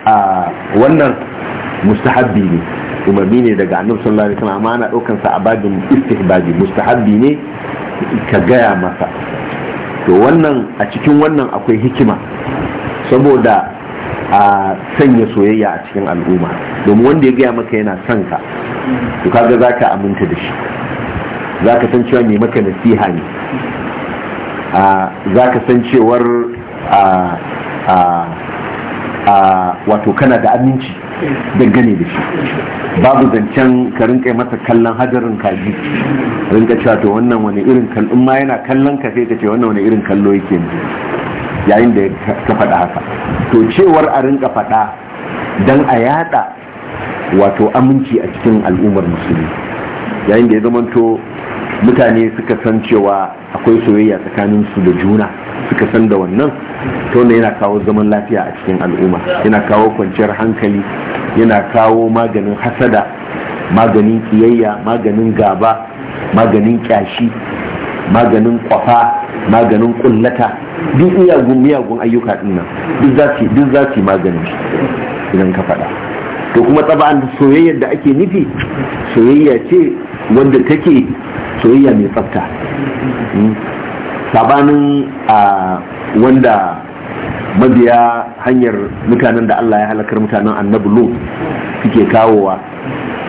a wannan mustahabbi ne umarni ne daga annabi sallallahu alaihi wasallam amma ana daukan sa a babin istihbabi mustahabbi ne ka gaya masa to wannan a cikin wannan akwai hikima saboda a sanya soyayya a cikin al'umma domin wanda ya gaya maka yana son ka to kaga zaka aminta da shi zaka san cewa mai maka nasiha ne zaka san cewar wato kana da aminci dangane da shi babu zancen ka rinka masa kallon hadarin kaji rinka cewa to wannan wani irin kallon ma yana kallon ka sai ka ce wannan wani irin kallo yake yayin da ka faɗa haka to cewar a rinka faɗa don a yada wato aminci a cikin al'ummar musulmi yayin da ya zamanto mutane suka san cewa akwai soyayya tsakanin su da juna suka san da wannan to yana kawo zaman lafiya a cikin al'umma yana kawo kwanciyar hankali yana kawo maganin hasada maganin kiyayya maganin gaba maganin kyashi maganin kwafa maganin kullata duk iyagun miyagun ayyuka dinnan duk za su yi maganin idan ka faɗa to kuma tsaba'an soyayyar da ake nufi soyayya ce wanda take soyayya mai tsafta hmm. sabanin a wanda mabiya hanyar mutanen da Allah ya halakar mutanen annabi lut suke kawowa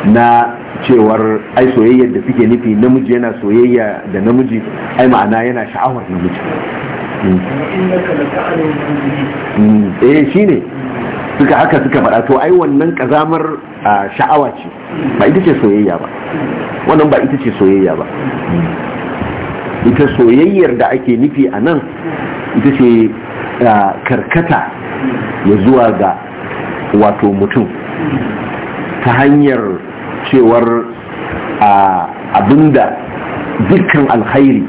na cewar ai soyayyar da suke nufi namiji yana soyayya da namiji ai ma'ana yana sha'awar namiji hmm. Hmm. eh shine suka haka suka faɗa to ai wannan kazamar sha'awa ce ba ita ce soyayya ba wannan ba ita ce soyayya ba ita soyayyar da ake nufi a nan ita ce karkata ya zuwa ga wato mutum ta hanyar cewar abinda dukkan alkhairi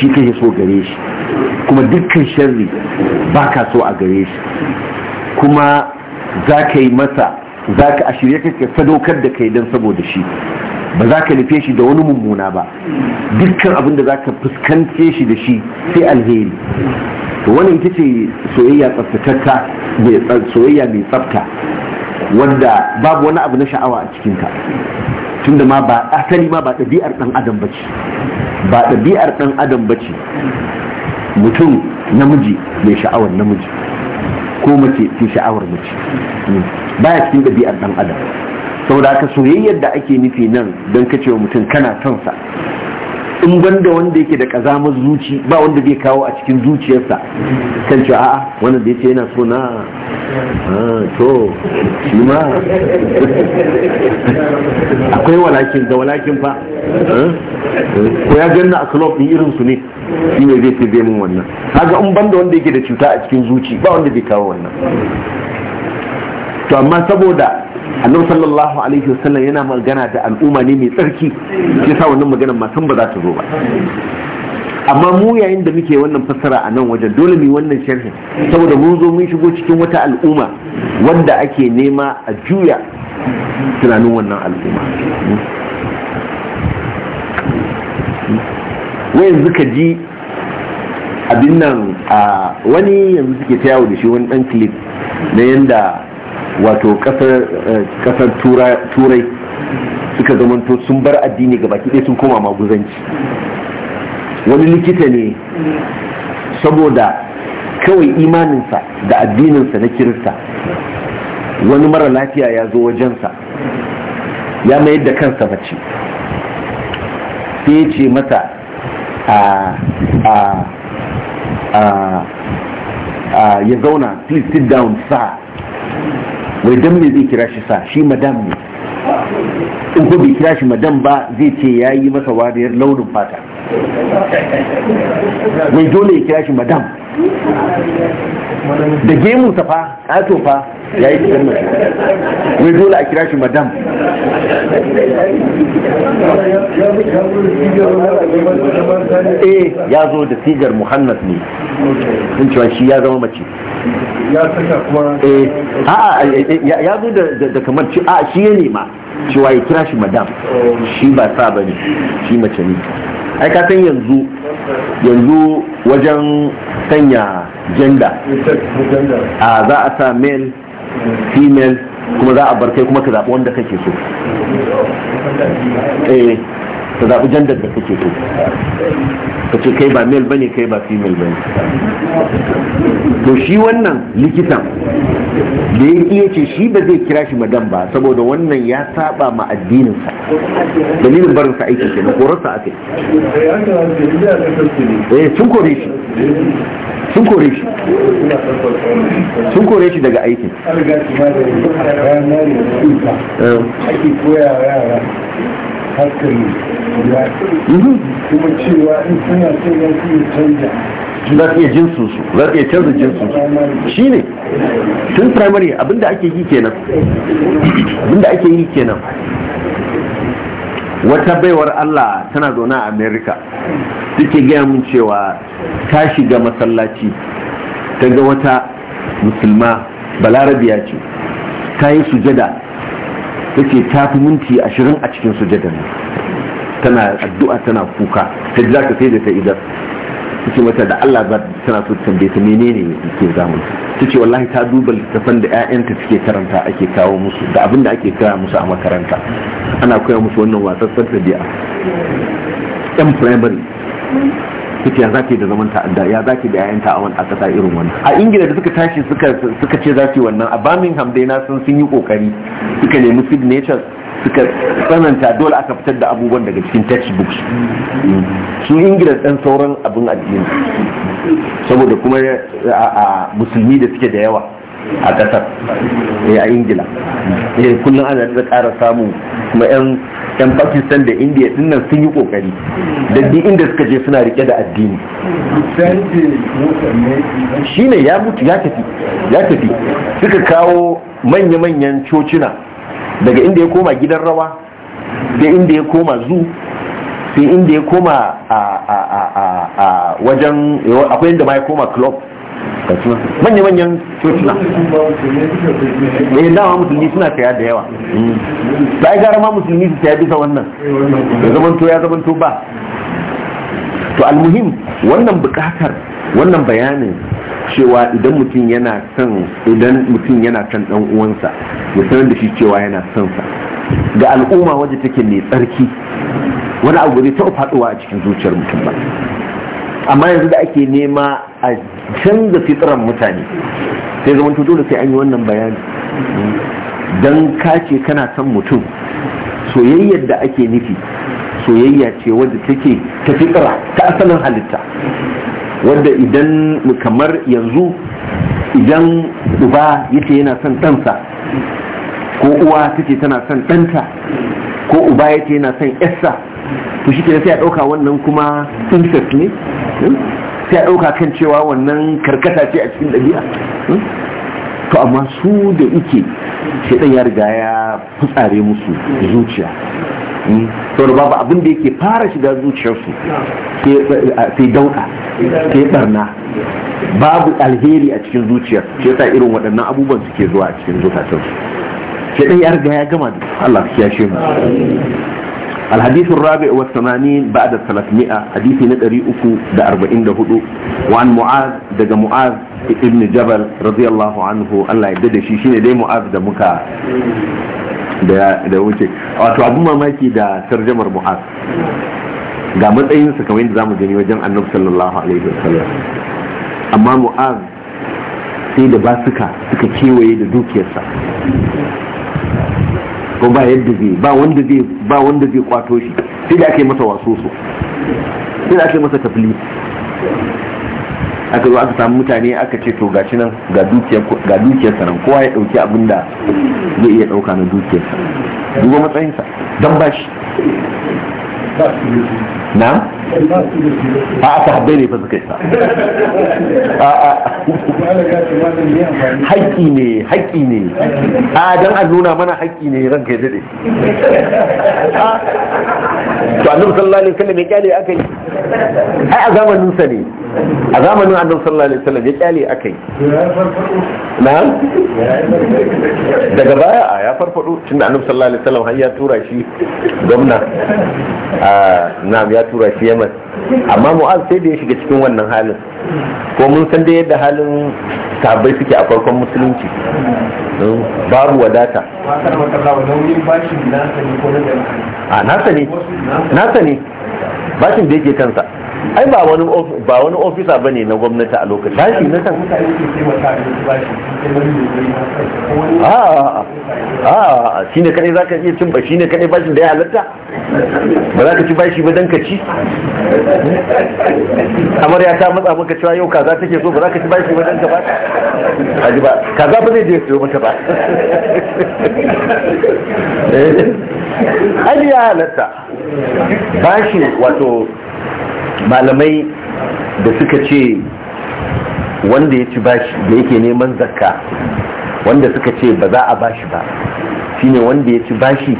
shi ke so gare shi kuma dukkan sharri ba ka so a gare shi kuma za ka yi masa za ka ashirya kake sadaukar da kai don saboda shi ba za ka nufe shi da wani mummuna ba dukkan abin da za ka fuskance shi da shi sai alheri to wannan ita ce soyayya tsaftatakka soyayya mai tsafta wanda babu wani abu na sha'awa a cikinta tunda ma ba asali ma ba ɗabi'ar ɗan adam ba ce ba ɗabi'ar ɗan adam ba ce mutum namiji mai sha'awar namiji ko mace ke sha'awar mace hmm. baya cikin ɗabi'ar ɗan adam saboda haka soyayyar da ake nufi nan don kacewa mutum kana son in banda wanda yake da kazamar zuci ba wanda zai kawo a cikin zuciyarsa kan ce a'a wannan da yace yana so na to shi ma [LAUGHS] akwai walakin da walakin fa ko ya ganna a club din irin su ne shi ne zai fi zai mun wannan kaga in banda wanda yake da cuta a cikin zuci ba wanda zai kawo wannan to amma saboda annabi sallallahu alaihi wasallam yana magana da al'umma ne mai tsarki yasa wannan maganar ma san ba za ta zo ba amma mu yayin da muke wannan fassara a nan wajen dole mu wannan sharhi saboda mun zo mun shigo cikin wata al'umma wanda ake nema a juya tunanin wannan al'umma wai yanzu ka ji abin nan a wani yanzu suke ta yawo da shi wani dan clip na yanda wato kasar eh, turai suka zamanto sun bar addini ga baki ɗaya sun koma maguzanci wani likita ne saboda kawai imaninsa da addininsa na kirista wani mara lafiya ya zo wajensa ya mayar da kansa mace sai ya ce mata a a a ya zauna please sit down sir wai dan me zai kira shi sa shi madam ne in ko bai kira shi madam ba zai ce ya yi masa wariyar launin fata wai dole ya kira shi madam da gemu ta fa ato fa ya yi cikin mace wai dole a kira shi madam eh ya zo da sigar muhannas ne sun cewa shi ya zama mace ya saka kuma eh a'a ya zo da kamar ci a shi ya nema cewa ya kira shi madam shi ba sa bane shi mace ne ai ka san yanzu yanzu wajen sanya gender a za a sa male female kuma za a bar kai kuma ka zaɓi wanda kake so eh ka zaɓi jandar da kake so ka ce kai ba male bane kai ba female bane to shi wannan likitan da ya iya ce shi ba zai kira shi madan ba saboda wannan ya saba ma addininsa dalilin barin sa aiki kenan korarsa aka yi eh, sun kore shi sun kore shi sun kore shi daga aikin eh. ake koya yara hakan ya mhm. kuma cewa in suna so za su iya canja za su iya jinsu su za su iya canza jinsu su shi ne tun firamare abinda ake yi kenan abinda ake yi kenan wata baiwar Allah tana zaune a Amerika suke gaya mun cewa ta shiga masallaci ta ga wata musulma balarabiya ce ta yi sujada take ta fi minti ashirin a cikin sujada ne tana addu'a tana kuka ta za ka sai da ta idan ce mata da Allah ba tana so ta tambaye ta menene ke zamun ta ce wallahi ta duba littafan da 'ya'yanta suke karanta ake kawo musu da abin da ake kawo musu a makaranta ana koya musu wannan wasan ɗabi'a yan primary suke ya zaki da zaman ta'adda ya zaki da yayan ta'awan a kasa irin wani. a ingila da suka tashi suka ce za wannan a birmingham dai na sun sun yi kokari suka nemi signatures suka tsananta dole aka fitar da abubuwan daga cikin textbooks su ingila dan sauran abin addini saboda kuma a musulmi da suke da yawa a kasar a ingila eh, kullum ana da ƙara samun kuma 'yan pakistan da indiya dinnan sun yi kokari da duk inda suka je suna rike da addini shi ne ya mutu ya tafi ya tafi suka kawo manya-manyan cocina daga inda ya koma gidan rawa da inda ya koma zu sai inda ya koma a wajen akwai inda ma ya koma club manya-manyan cocina eh dawa musulmi suna saya da yawa ta mm. a gara ma musulmi su saya bisa wannan ya zamanto ya zamanto ba to almuhim wannan bukatar wannan bayanin cewa idan mutum yana son idan mutum yana son dan uwansa ya sanar da shi cewa yana son sa ga al'umma waje take mai tsarki wani abu zai taɓa faɗuwa a cikin zuciyar mutum ba amma yanzu da ake nema a canza fitran mutane sai zama dole sai an yi wannan bayani don kace kana son mutum soyayyar da ake nufi soyayya ce wadda take ta ta asalin halitta wadda idan kamar yanzu idan uba yace yana son ɗansa ko uwa take tana son ɗanta ko uba yace yana son yarsa to shi ke sai a ɗauka wannan kuma incest ne sai ɗauka kan cewa wannan karkata ce a cikin ɗabi'a hmm? to amma su da ike shaidan ya riga ya fitsare musu zuciya hmm? da babu abin da yake fara shiga zuciyarsu sai dauka sai barna babu alheri a cikin zuciyar shi yasa irin waɗannan abubuwan suke zuwa a cikin zuciyarsu shaidan ya riga ya gama Allah ya shi mu الحديث الرابع والثمانين بعد الثلاثمائة حديث ندري أكو دا أربعين دا هدو وعن معاذ دا معاذ ابن جبل رضي الله عنه الله يدد شيشين دي معاذ دا مكا da da wuce wato abun mamaki da tarjamar mu'az ga matsayinsa kamar yadda zamu gani wajen annabi sallallahu alaihi wasallam amma mu'az sai da basuka suka kewaye da dukiyarsa ba ba yadda zai ba wanda zai ba wanda zai kwato shi sai da ake masa waso so sai da ake masa tafli aka zo aka samu mutane aka ce to gashi nan ga dukiyar ga dukiyar sanan kowa ya dauki abinda zai iya dauka na dukiyar sa duba matsayin sa dan bashi na a aka haɗe ne ba su kai sa haƙƙi ne haƙƙi ne a don an nuna mana haƙƙi ne ran kai daɗe to annabi sallallahu alaihi wasallam ya kyale aka yi ai a zamanin sa ne a zamanin annabi sallallahu alaihi wasallam ya kyale akai na daga baya a ya farfado da annabi sallallahu alaihi wasallam har ya tura shi gwamna a na'am ya tura shi Yemen amma mu'az sai da ya shiga cikin wannan halin ko mun san dai yadda halin sahabbai suke a farkon musulunci babu wadata a nasa nasa ne bashin da yake kansa ai ba wani ba wani ofisa bane na gwamnati a lokacin ba shi na san a a shine kai zaka iya cin ba shine ba shi da ya halatta ba za ka ci bashi ba dan ka ci amarya ta matsa maka cewa yau kaza take so ba za ka ci bashi ba dan ka ba aji ba kaza ba zai je siyo mata ba eh, ai ya halatta bashi wato malamai da suka ce wanda ya ci bashi da yake neman zakka wanda suka ce ba za a bashi ba shine wanda ya ci bashi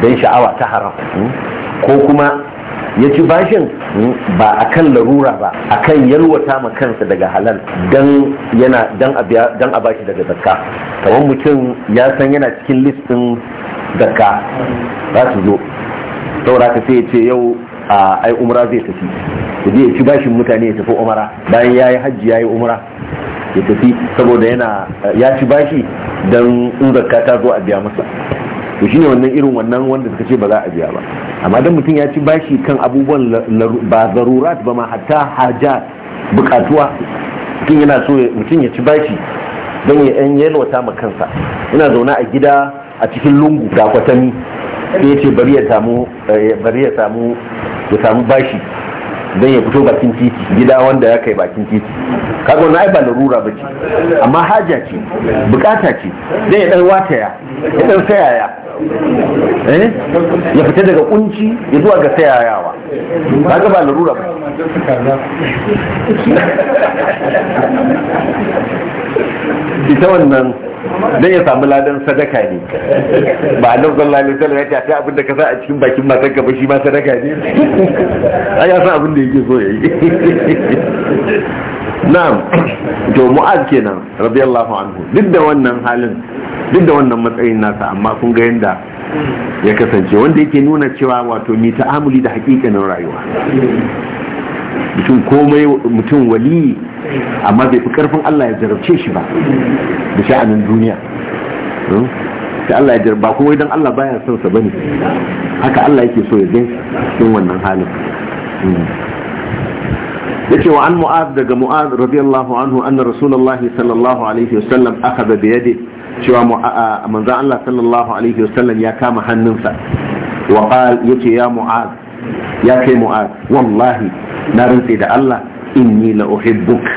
don sha'awa ta haram hmm? ko kuma ya ci bashin hmm, ba a kan larura ba a kan yalwata ma kansa daga halal don a bashi daga zakka kamar mutum ya san yana cikin listin zakka ba su zo saura ka sai ya ce yau a ai umra zai tafi ya je ya ci bashin mutane ya tafi umara bayan ya yi hajji ya yi umara ya tafi saboda yana ya ci bashi don in zakka ta zo a biya masa to shine wannan irin wannan wanda suka ce ba za a biya ba amma dan mutum ya ci bashi kan abubuwan ba zarurat ba ma hatta haja bukatuwa mutum yana so mutum ya ci bashi don ya yan yalwata ma kansa ina zaune a gida a cikin lungu ga kwatami sai ya ce bari ya samu eh, bari ya samu ya samu bashi don ya fito bakin titi gida wanda ya kai bakin titi kaga na ai ba larura ba ce amma haja ce bukata ce zai ya dan wataya ya dan sayaya eh? ya fita daga kunci ya zuwa ga sayayawa kaga ba larura ba ita wannan dan ya samu ladan sadaka ne ba annabi sallallahu alaihi wasallam ya ce sai abin da ka sa a cikin bakin matan ka shi ma sadaka ne A ya san abin da yake so ya yayi na'am to mu'az kenan radiyallahu anhu duk da wannan halin duk da wannan matsayin nasa amma kun ga yanda ya kasance wanda yake nuna cewa wato ni ta'amuli da hakikanin rayuwa mutum komai mutum wali amma bai fi karfin Allah ya jarabce shi ba da sha'anin duniya hmm? sai Allah ya jarba kuma idan Allah baya son sa bane haka Allah yake so ya ga cikin wannan halin hmm. yace wa an mu'ad daga mu'ad radiyallahu anhu anna rasulullahi sallallahu alaihi wasallam akhadha bi yadi cewa manzo Allah sallallahu alaihi wasallam ya kama hannunsa wa qal yace ya mu'ad ya kai mu'ad wallahi na rantsi da Allah إني لأحبك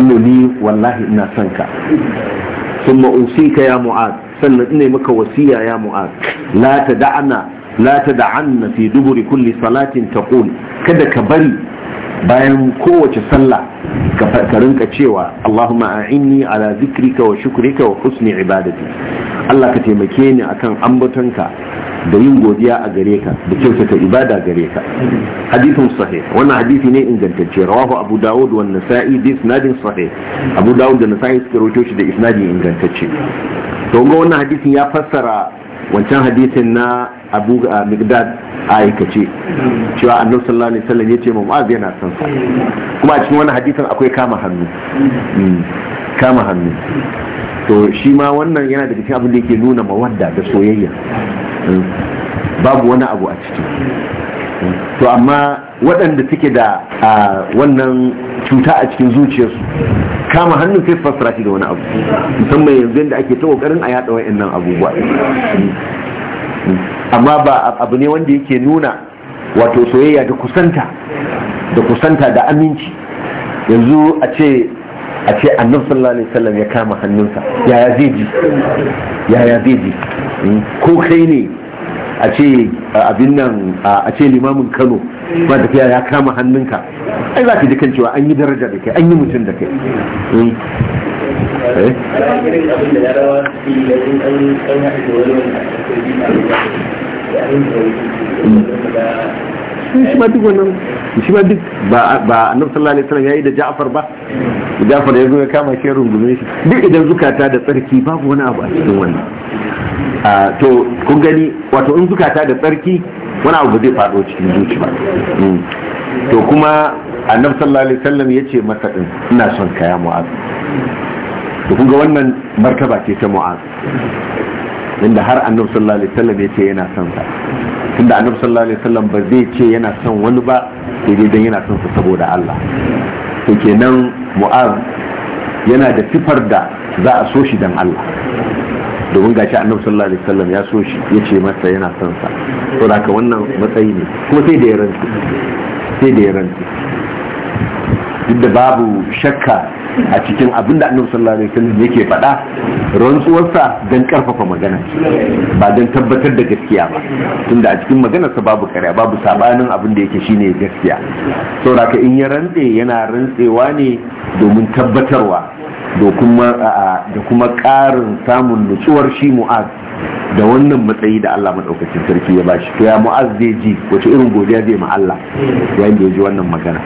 إنه لي والله إنا سنك ثم أوصيك يا معاذ سنة إني مك وسيا يا معاذ لا تدعنا لا تدعنا في دبر كل صلاة تقول كذا كبري bayan kowace sallah ka rinka cewa Allahumma a'inni ala zikrika wa shukrika wa husni ibadati Allah ka taimake ni akan ambatonka da yin godiya a gare ka da kyautata ibada gare ka hadithun sahih wannan hadisi ne ingantacce rawahu abu dawud wa nasa'i bi isnadin sahih abu dawud da nasa'i suka rawaito shi da isnadin ingantacce to ga wannan hadisin ya fassara wancan hadisin na abu a ah, migdad a aikace cewa annabi sallallahu alaihi wasallam yace ma yana son sa kuma a cikin wannan hadisin akwai kama hannu mm. kama hannu to shi ma wannan yana da cikin abin da yake nuna mawadda da soyayya mm. babu wani abu a ciki to amma waɗanda suke da wannan cuta a cikin zuciyarsu kama hannun sai fassara shi da wani abu musamman yanzu yadda ake ta ƙoƙarin a yaɗa wa'annan abubuwa amma ba abu ne wanda yake nuna wato soyayya da kusanta da kusanta da aminci yanzu a ce a ce annabi sallallahu alaihi wasallam ya kama hannunsa yaya zai ji yaya zai ji hmm, ko kai ne a ce abin nan a ce limamin kano ba tafiya ya kama hannunka ai za ka ji kan cewa an yi daraja da kai an yi mutum da kai hmm. eh hmm. shi ma duk wannan shi ma duk ba ba annabi sallallahu alaihi wasallam yayi da Ja'far ba Ja'far ya zo ya kama shi rungume shi duk idan zukata da tsarki babu wani abu a cikin wannan a to kun gani wato in zukata da tsarki wani abu zai faɗo cikin zuci ba hmm. to kuma annabi sallallahu alaihi wasallam yace masa din ina son kaya mu'az to kun ga wannan martaba ce ta mu'az inda har annabi sallallahu alaihi wasallam ya ce yana son sa tunda annabi sallallahu alaihi wasallam ba zai ce yana son wani ba sai dai dan yana son sa saboda Allah to kenan mu'az yana da sifar da za a so shi dan Allah domin gashi annabi sallallahu alaihi wasallam ya so shi ya ce masa yana son sa to haka wannan matsayi ne kuma sai da ya rantsi sai da ya rantsi duk da babu shakka a cikin abin da annabi sallallahu alaihi wasallam yake faɗa rantsuwarsa don karfafa magana ba don tabbatar da gaskiya ba tunda a cikin maganarsa babu ƙarya, babu sabanin abin da yake shine gaskiya saboda in ya rantse yana rantsewa ne domin tabbatarwa da kuma ƙarin samun nutsuwar shi mu'az da wannan matsayi da Allah maɗaukacin sarki ya bashi to ya mu'az zai ji wace irin godiya zai ma Allah yayin da ya ji wannan magana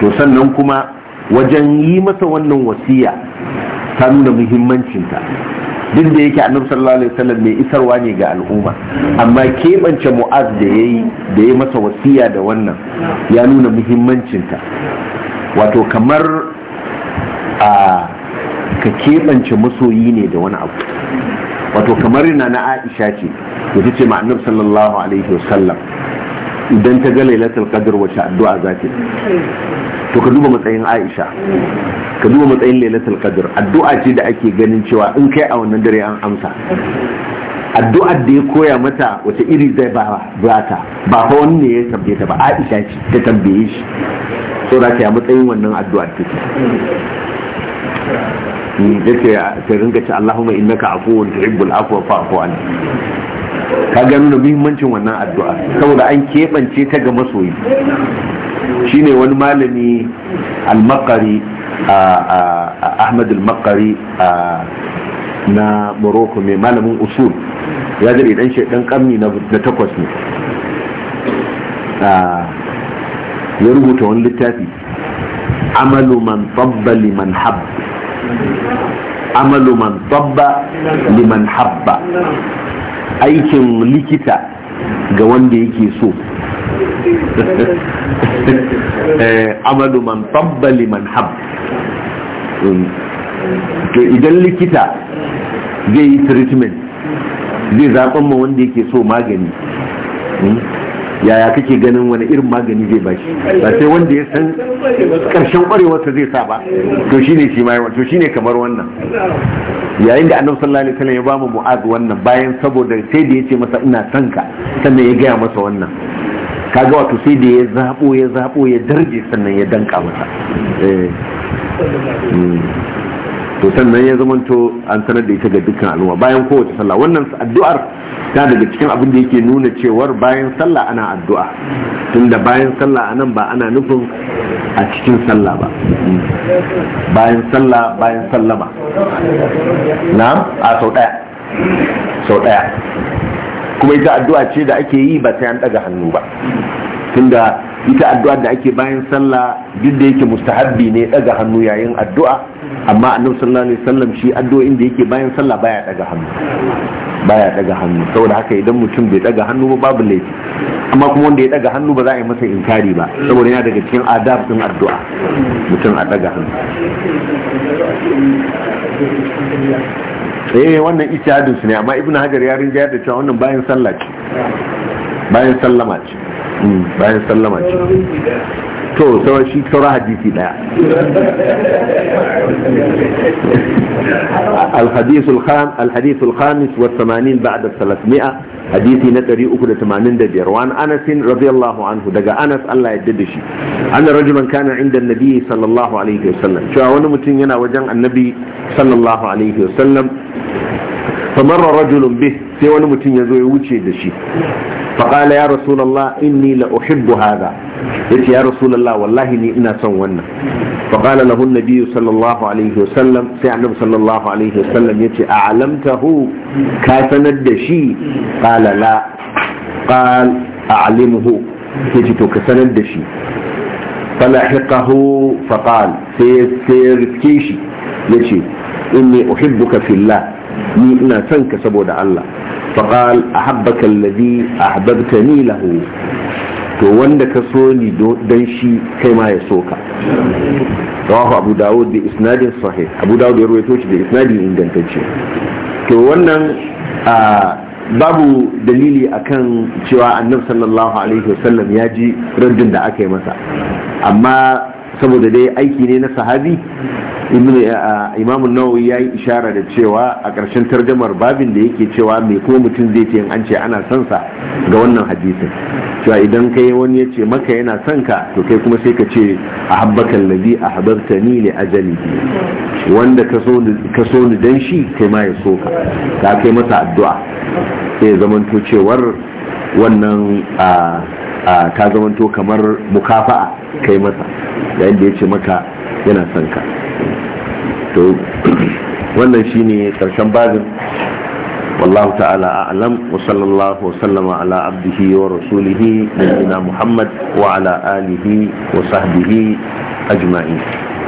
to sannan kuma wajen yi masa wannan wasiya ta nuna muhimmancinta duk da yake annabi sallallahu alaihi wasallam mai isarwa ne ga al'umma amma keɓance mu'az da yayi da yayi masa wasiya da wannan ya nuna muhimmancinta wato kamar a ka keɓance masoyi ne da wani abu wato kamar yana na aisha ce da ta ce annabi sallallahu alaihi wasallam idan ta ga lailatul qadr wace addu'a za ta to ka duba matsayin Aisha ka duba matsayin lailatul qadr addu'a ce da ake ganin cewa in kai a wannan dare an amsa addu'ar da ya koya mata wace iri zai ba ta ba fa wani ne ya tambaye ta ba Aisha ce ta tambaye shi so za ta yi matsayin wannan addu'ar take yake ta ringa ce Allahumma innaka afuwun tuhibbul afwa fa'fu anni ka gano da muhimmancin wannan addu'a saboda an keɓance ta ga masoyi shine wani malami al-makari ahmad al-makari na morocco mai malamin usul ya zai dan ɗan kammi na takwas ne ya rubuta wani littafi amalu man tabba liman habba amalu man tabba liman habba aikin likita ga wanda yake so [LAUGHS] eh, amadu man tabbali man hab mm. to idan likita zai yi treatment zai zaɓen ma wanda yake so magani mm. yaya kake ganin wani irin magani zai bashi ba sai wanda ya san ƙarshen ƙwarewarsa zai sa ba to shine shi ma to shine kamar wannan yayin da annabi sallallahu alaihi wasallam ya ba mu mu'az wannan bayan saboda sai da yace masa ina son ka sannan ya gaya masa wannan kaga wato sai da ya zabo ya zabo ya darje sannan ya danka masa eh hmm. to sannan ya zamanto an sanar da ita ga dukkan al'umma bayan kowace sallah wannan addu'ar ta daga cikin abin da yake nuna cewar bayan sallah ana addu'a tunda bayan sallah anan ba ana nufin a cikin sallah ba bayan sallah bayan sallah ba na a sau daya sau daya kuma ita addu'a ce da ake yi ba sai an daga hannu ba tunda ita addu'a da ake bayan sallah duk da yake mustahabbi ne daga hannu yayin addu'a amma annabi sallallahu alaihi wasallam shi addu'o'in da yake bayan sallah baya daga hannu baya daga hannu saboda haka idan mutum bai daga hannu ba babu laifi amma kuma wanda ya daga hannu ba za a yi masa inkari ba saboda yana daga cikin adab din addu'a mutum a daga hannu eh wannan ijtihadin su ne amma ibnu hajar ya rinjayar da cewa wannan bayan sallah ce bayan sallama ce bayan sallama ce to sauran shi sauran hadisi daya الحديث الخام الحديث الخامس والثمانين بعد الثلاثمائة حديثي نتري أكد ثمانين دبير وعن أنس رضي الله عنه دقى أنس الله يددشي أن رجلا كان عند النبي صلى الله عليه وسلم شو أولا متنين وجن النبي صلى الله عليه وسلم famarra rajulun bih sai wani mutum ya zo ya wuce da shi faƙala ya rasulallah inni la uhibbu hadha yace ya rasulallah wallahi ni ina son wannan faƙala lahu nabiyyu sallallahu alaihi wasallam sai annabi sallallahu alaihi wasallam a a'lamtahu ka sanar da shi qala la qal a'limhu yace to ka sanar da shi falahiqahu faqal sai sai riske shi yace inni uhibbuka fillah ni ina son ka saboda Allah faqal ahabbaka alladhi ahbabtani lahu to wanda ka so ni dan shi kai ma ya so ka rawahu abu daud bi isnadin sahih abu daud ya rawaito shi da isnadin ingantacce to wannan babu dalili akan cewa annabi sallallahu alaihi wasallam ya ji raddin da aka yi masa amma saboda dai aiki ne na sahabi imamun nawawi ya yi ishara da cewa a ƙarshen tarjamar babin da yake cewa mai kuma mutum zai ce an ce ana son sa ga wannan hadisin cewa idan kai wani ya ce maka yana son ka to kai kuma sai ka ce a habbakan ladi a habarta ni ne ajali wanda ka so ni dan shi kai ma ya so ka ka kai masa addu'a sai ya cewar wannan ta zamanto kamar mukafa'a kai masa yayin da ya ce maka yana son ka to [CLEARS THROAT] wannan shi ne ƙarshen bazin wallahu ta'ala a'lam wa wa sallama ala abdihi wa rasulihi na muhammad wa ala alihi wa sahbihi ajma'i